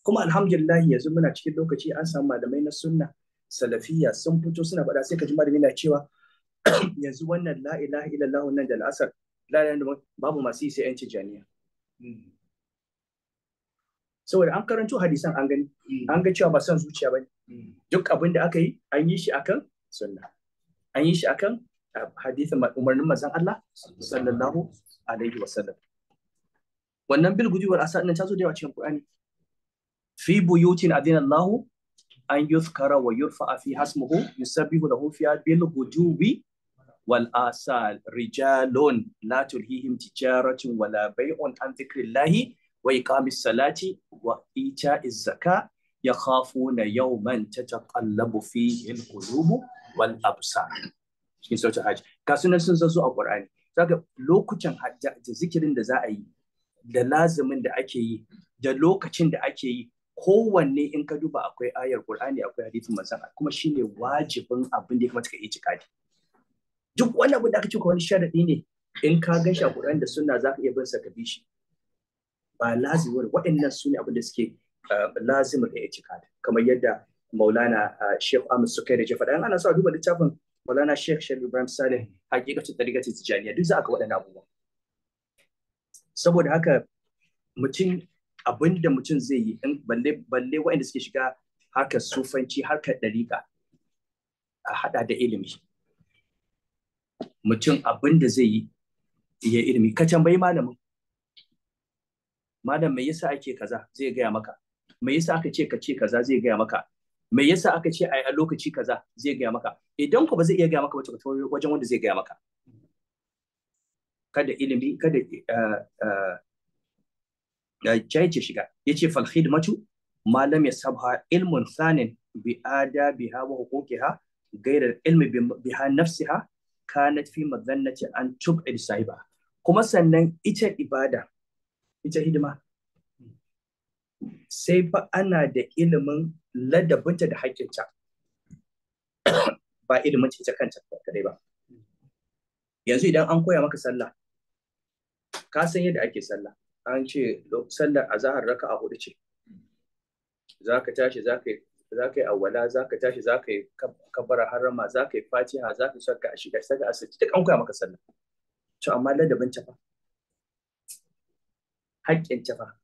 kuma alhamdulillah yanzu muna cikin lokaci an samu malamai na sunna salafiya sun fito suna faɗa sai ka ji malami na cewa yanzu wannan la ilaha illallah nan da al'asar la ilaha babu masu yi sai yan tijaniya mm. saboda an karanto hadisan an gani mm. an ga cewa ba san zuciya ba mm. duk abin da aka yi an yi shi akan sunna an yi shi akan hadisin umarnin manzon Allah sallallahu alaihi wasallam wannan bil gudu wal asad nan ta da yawa cikin Qur'ani fi buyutin adina Allah an yuzkara wa yurfa fi hasmuhu yusabbihu lahu fi bil gudubi wal asal rijalun la tulhihim tijaratun wala bay'un an dhikrillahi Wai iqamis salati wa ita'iz zaka ya yawman tataqallabu fihi al-qulubu wal absar cikin sautin hajji ga sunan sun zazo a qur'ani saka lokutan hajji da zikirin da za a yi da lazimin da ake yi da lokacin da ake yi kowanne in ka duba akwai ayar ƙur'ani akwai hadisin manzon kuma shine wajibin abin da ya kamata ka yi cikadi duk wani abu da aka ce wani sharadi ne in ka gan shi a qur'ani da sunna zaka iya bin sa ka bi shi ba wani waɗannan su ne abin da suke eh, lazimar da itikad kamar yadda maulana eh, sheikh ahmad da ya faɗa ana so a duba littafin maulana sheikh sharif ibrahim saleh hakikatu tarikati tijaniya duk za a ga waɗannan abubuwa saboda haka mutum abin da mutum zai yi balle waɗanda suke shiga harkar sufanci harkar ɗariƙa a haɗa da ilimi mutum abin da zai yi ya ilimi ka tambayi malamin malam me yasa ake kaza zai gaya maka me yasa aka ce ka ce kaza zai gaya maka me yasa aka ce ai a lokaci kaza zai gaya maka idan ku ba zai iya gaya maka ba ta wajen wanda zai gaya maka kada ilimi kada eh, eh, eh, jaice shiga yace fal khidmatu ma lam yasabha ilmun sanin bi adabiha wa huquqiha ghayra ilmi biha nafsiha kanat fi madannati an tub'id sahiba kuma sannan ita ibada ita hidima sai fa ana da ilimin ladabinta da haƙƙinta ba ilimin ce ta kanta kadai ba yanzu idan an koya maka sallah ka san yadda ake sallah an ce sallar azahar raka a hudu ce za ka tashi za ka yi awwala za ka tashi za ka yi kabara harama za ka yi fatiha za ka a shiga saka a sirri duk an koya maka sallah to amma ladabin ta fa haƙƙin ta fa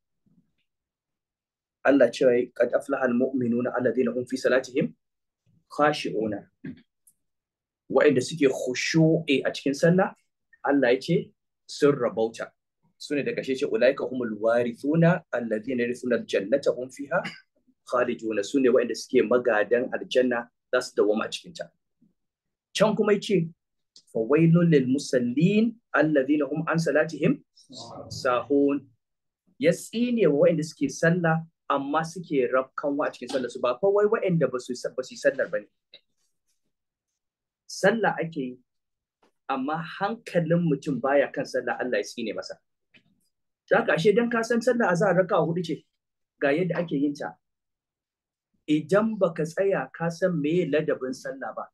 Allah cewa qad aflaha na Allah hum fi salatihim ona. wa'inda suke khushu'i a cikin sallah Allah ya ce sun rabauta sune da kashe ce ulaika humul warithuna alladhina yarithuna aljannata hum fiha khaliduna sune wa'inda suke magadan aljanna za su dawo a cikin ta can kuma yace fawailul lil musallin alladhina hum an salatihim sahun ya tsine wa waɗanda suke sallah amma suke rafkanwa a cikin sallar su ba kawai waɗanda ba su yi sallar ba ne. Sallah ake yi, amma hankalin mutum baya kan sallah Allah ya tsine masa. Saka ashe don ka san sallah azhar raka hudu ce ga yadda ake yin ta. Idan baka tsaya ka san me ladabin sallah ba,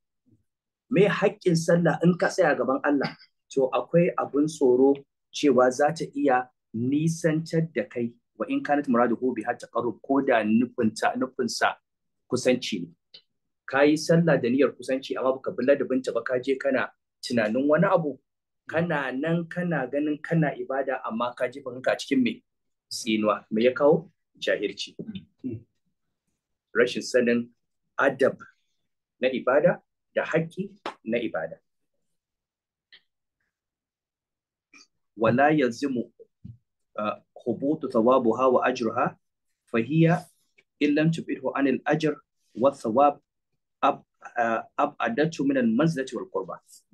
me haƙƙin sallah in ka tsaya gaban Allah, to akwai abin tsoro cewa za ta iya nisantar da kai wa in kanat har ta taqarrub ko da nufinta nufinsa kusanci ne ka sallah da niyyar kusanci amma baka bulla da binta ba ka je kana tunanin wani abu kana nan kana ganin kana ibada amma ka jefa kanka a cikin me sinuwa me ya kawo jahirci rashin sanin adab na ibada da haƙƙi na ibada wala yanzu hubutu thawabuha wa ajruha fahiya illam tubidhu anil ajr wa thawab abadatu min al manzilati wal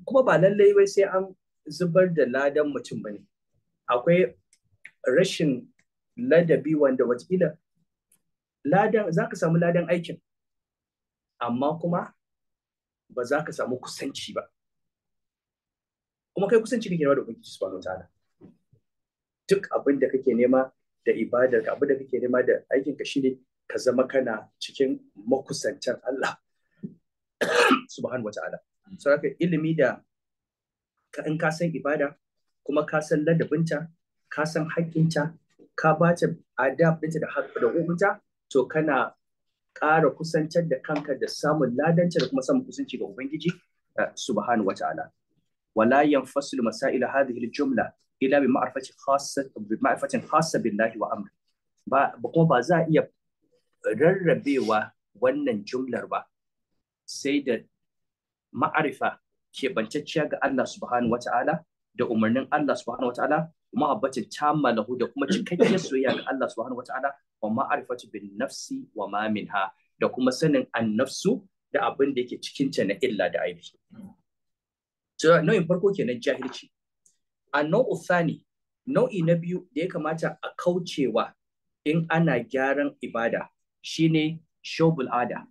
kuma ba lallai wai sai an zubar da ladan mutum bane akwai rashin ladabi wanda watakila ladan za ka samu ladan aikin amma kuma ba za ka samu kusanci ba kuma kai kusanci da duk abin da kake nema da ibadar abin da kake nema da aikin ka shine ka zama kana cikin makusantan Allah subhanahu wataala so haka ilimi da ka in ka san ibada kuma ka san ladabinta ka san haƙƙinta ka bata adab ɗinta da da hukunta to kana ƙara kusantar da kanka da samun ladanta da kuma samun kusanci ga ubangiji eh, subhanahu wataala wala yanfasilu masa'ilu hadhihi aljumla jumla illa bi ma'rifati khassa bi billahi wa ba kuma ba za a iya rarrabewa wannan jumlar ba sai da ma'arifa keɓantacciya ga Allah subhanahu wata'ala da umarnin Allah subhanahu wata'ala mahabbatin tamma lahu da kuma cikakken soyayya ga Allah subhanahu wata'ala wa ma'arifatu bin nafsi wa ma minha da kuma sanin annafsu da abin da yake cikin ta na illa da aibi so nau'in farko kenan jahilci a nau'u sani nau'i na biyu da ya kamata a kaucewa in ana gyaran ibada shine shobul ada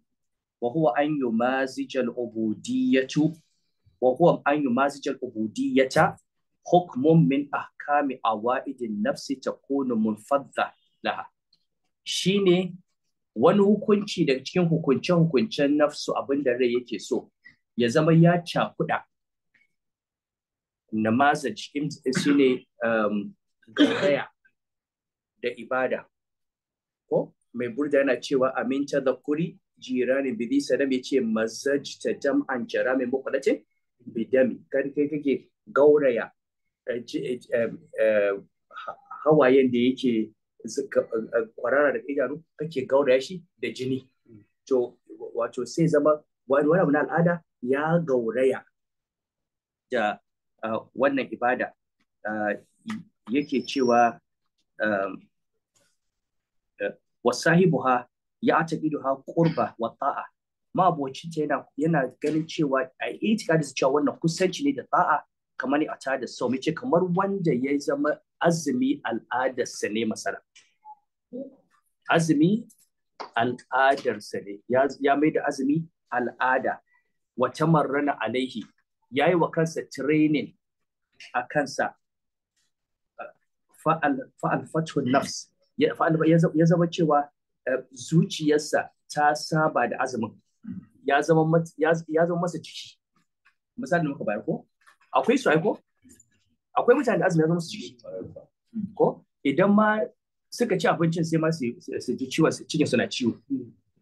wa huwa an yumazijal ubudiyatu wa huwa an yumazijal ubudiyata hukmun min ahkami awaidin nafsi takunu munfadda laha shine wani hukunci daga cikin hukunce-hukuncen nafsu abinda rai yake so ya zama ya cakuda namazaj eh, shine gaya um, gauraya da ibada ko mai burda yana cewa aminta amin kuri jirani bidi sadam yace mazaj ta jam'an jara mai mukwalace bidami kan kake gauraya eh, eh, hawayen da yake kwarara da idanu kake gauraya shi da jini to wato sai zama wani wani al'ada ya gauraya da wannan ibada yake cewa wasahibuha ya ha kurba wa ta'a ma ta yana yana ganin cewa a itikadi su cewa wannan kusanci ne da ta'a kamar a ta da sau ce kamar wanda ya zama azumi al'adarsa ne masara azumi al'adarsa ne ya mai da azumi al'ada wata marrana alaihi ya yi wa kansa trenin a kansa fa'al nafs ya zama cewa eh, zuciyarsa ta saba da azumin ya zama masa jiki misali da muka bayar ko akwai su ko akwai mutane da azumi ya zama su jiki ko idan ma suka ci abincin sai ma su ji ciwon cikin suna ciwo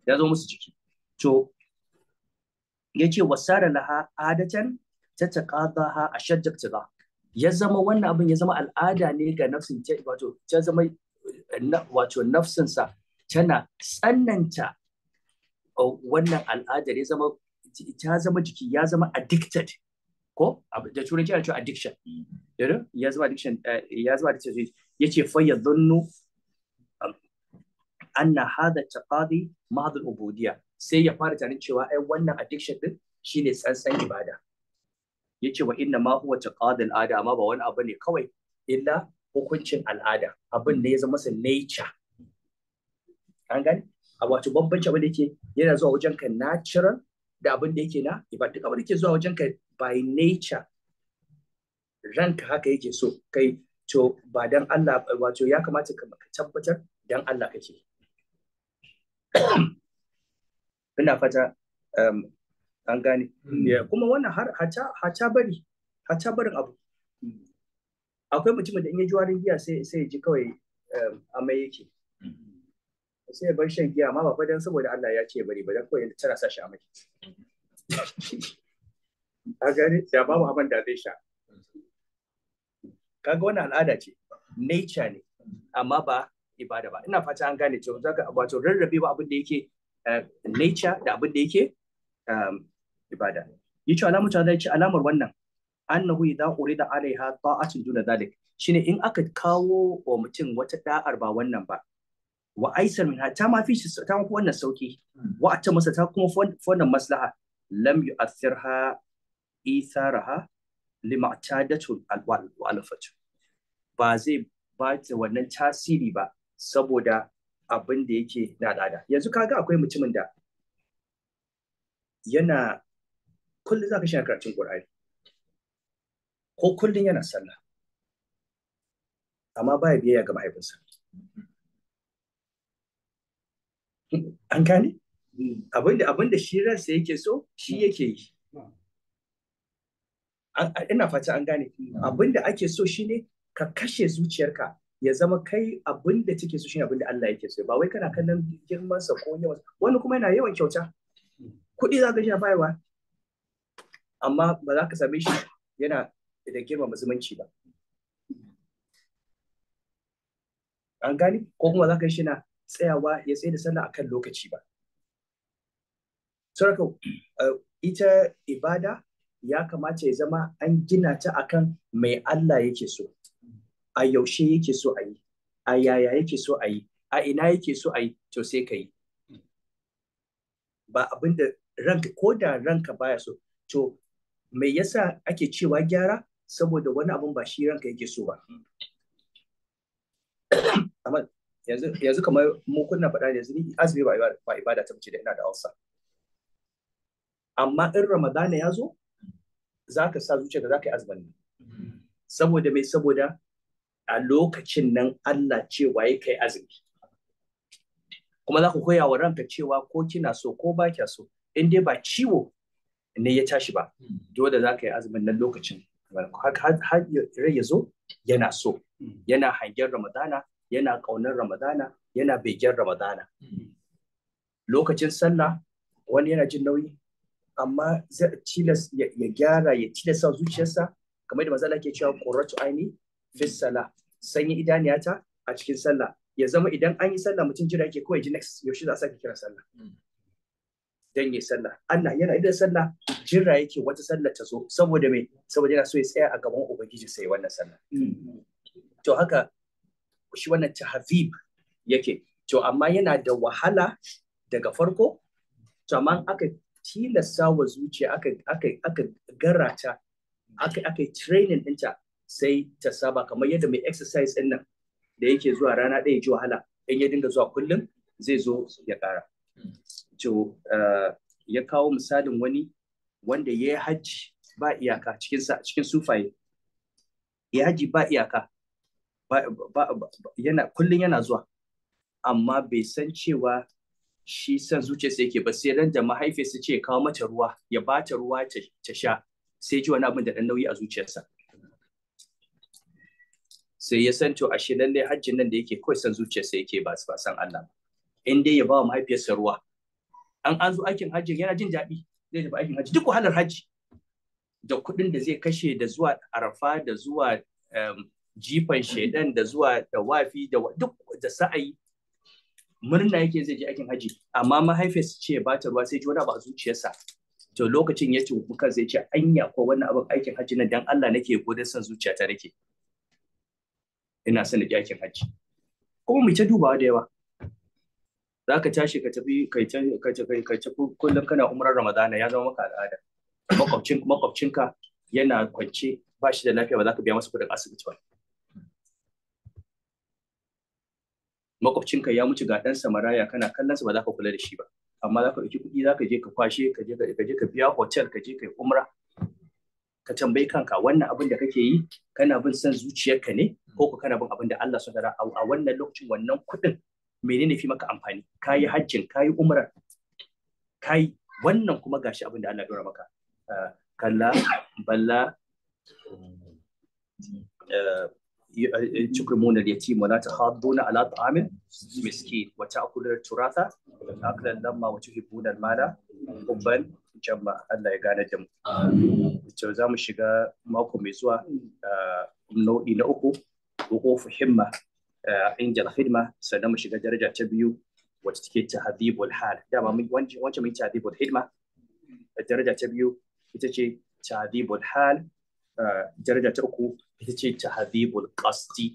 ya zama musu jiki to ya ce da laha adatan tataqadaha ashadda ibtiga ya zama wannan abin ya zama al'ada ne ga nafsin ta wato ta zama eh, wato nafsinsa tana tsananta oh, wannan al'adar ya zama ta zama jiki ya zama addicted ko da turanci ana cewa addiction eh, ya zama addiction ya zama addiction yace fa yadhunnu um, anna hadha taqadi mahd ubudiyya sai ya fara tarin cewa ai wannan addiction din shine tsantsan ibada yace wa inna ma huwa taqadul al'ada amma ba wani abu ne kawai illa hukuncin al'ada abin da ya zama masa nature an gani a wato bambanci abin da yake yana zuwa wajen ka natural da abin da yake na ibada duk abin da yake zuwa wajen ka by nature ranka haka yake so kai to ba dan Allah wato ya kamata ka tabbatar dan Allah kake ina fata um, an gane hmm. kuma wannan har haca bari haca barin abu akwai mutumin da in ya ji warin giya sai sai ji kawai amai yake hmm. sai bar shan giya amma ba dan saboda Allah ya ce bari ba dan kawai tana sa shi amai a hmm. gane da babu abin da zai sha kaga wannan al'ada ce nature ne amma ba ibada ba ina fata an gane cewa zaka wato rarrabe ba abin da yake eh, nature da abin da yake ibada yace alamu ta ce alamar wannan annahu idza urida alaiha ta'atun duna zalik shine in aka kawo wa mutum wata da'ar ba wannan ba wa aisar min ta ma fi ta ma wannan sauki hmm. wa ta masa ta kuma wannan maslaha lam yu'athirha isaraha lima tadatu alwalfatu ba zai ba ta wannan tasiri ba saboda abin da yake na al'ada yanzu kaga akwai mutumin da yana kullum za ka shiga karatun Qur'ani ko kullum yana sallah amma baya biyayya ga mahaifinsa an gane abin da shi ransa yake so shi yake yi ina fata an gane da ake so shine ka kashe zuciyarka ya zama kai da take so shine da Allah yake so ba wai kana kallon girman sa ko yawan wani kuma yana yawan kyauta kuɗi za ka sha bayarwa amma ba za ka same shi yana da girmama zumunci ba an gani ko kuma za ka shi na tsayawa ya tsaye da sallah akan lokaci ba sarka eh, ita ibada ya kamata ya zama an gina ta akan mai Allah yake so a yaushe yake so a yi a yaya yake so a yi a ina yake so a yi to sai ka yi ba abin da ranka ko da ranka baya so to me yasa ake cewa gyara saboda wani abun ba shi ranka yake so ba amma yanzu yanzu kamar mu kunna faɗa yanzu ni azumi ba ba ibada ta mace da ina da hausa. amma in ramadana ya zo zaka sa zuciya da zaka yi azumin saboda mai saboda a lokacin nan Allah cewa ya kai azumi kuma za ku koya wa ranka cewa ko kina so ko ba so in dai ba ciwo ne ya tashi ba dole za ka yi azumin nan lokacin har ya zo yana so yana hangen ramadana yana ƙaunar ramadana yana begen ramadana lokacin sallah wani yana jin nauyi amma ya gyara ya tilasta zuciyarsa kamar da mazala ke cewa ƙoratu aini fissala sala sanyi idaniyata a cikin sallah ya zama idan an yi sallah mutum jira ke kawai ji next yaushe za a sake kira sallah dan yi sallah Allah yana idan sallah jira yake wata sallah ta zo saboda mai saboda yana so ya tsaya a gaban ubangiji sai wannan sallah to haka shi wannan tahzib yake to amma yana da wahala daga farko to amma aka tilasta wa zuciya aka aka aka garata aka aka training ɗinta sai ta saba kamar yadda mai exercise ɗin nan da yake zuwa rana ɗaya ji wahala in ya dinga zuwa kullum zai zo ya ƙara to eh, ya kawo misalin wani wanda ya yi hajji ba iyaka cikin sufaye ya haji ba iyaka yana kullum yana zuwa amma bai san cewa shi san zuciyarsa yake ba sai ran da mahaifiyarsa ce kawo mata ruwa ya ba ta ruwa ta sha sai ji wani abin da dan nauyi a zuciyarsa sai ya san to ashe lallai hajjin nan da yake kawai san zuciyarsa yake ba ba san Allah in dai ya ba mahaifiyarsa ruwa an an zo aikin hajji yana jin daɗi zai tafi aikin hajji duk wahalar hajji da kuɗin da zai kashe da zuwa arafa da zuwa jifan shaidan da zuwa da wafi da duk da sa'ayi murna yake zai je aikin hajji amma mahaifiyarsa ce ba ta ruwa sai ji wani abu a zuciyarsa to lokacin ya tuhu kan zai ce anya ko wannan abin aikin hajji na dan Allah nake ko san zuciyata nake ina son da aikin hajji kuma mu ta dubawa da yawa za ka tashi ka tafi kai tafi kullum kana umrar ramadana ya zama maka al'ada makwabcin makwabcinka yana kwance ba shi da lafiya ba za ka biya masa kudin asibiti ba makwabcinka ya mutu ga ɗansa maraya kana kallonsa ba za ka kula da shi ba amma za ka ɗauki kuɗi za ka je ka kwashe ka je ka je ka biya hotel ka je ka yi umra ka tambayi kanka wannan abin da kake yi kana bin son zuciyarka ne ko ko kana bin abin da Allah sun a wannan lokacin wannan kuɗin menene fi maka amfani kayi hmm. hajjin kayi umra kai wannan kuma gashi abin da Allah ya maka uh, kalla balla uh, uh, uh, yatim wa la tahadduna ala ta'amin miskin wa ta'kulu turatha wa akla lamma wa tuhibbuna al-mala hubban jamma Allah ya gane da mu to zamu shiga mako mai zuwa eh, nau'i na uku ruqo fi himma inda al-khidma sannan mu shiga daraja ta biyu wacce take tahdhibul hal dama wancan mun tahdhibul hidma daraja ta biyu ita ce tahdhibul hal daraja ta uku ita ce tahdhibul qasdi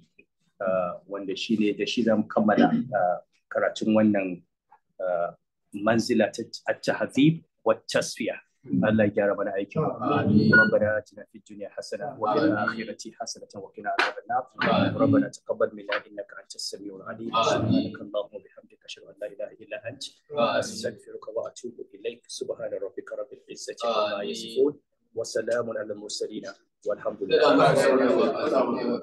wanda shi ne da shi za mu kammala karatun wannan manzila ta tahdhib wa tasfiya Allah ya gyara mana aikin ربنا آتنا في الدنيا حسنة وفي الآخرة حسنة وقنا عذاب النار ربنا تقبل منا إنك أنت السميع العليم سبحانك اللهم وبحمدك أشهد أن لا إله إلا أنت أستغفرك وأتوب إليك سبحان ربك رب العزة عما يصفون وسلام على المرسلين والحمد لله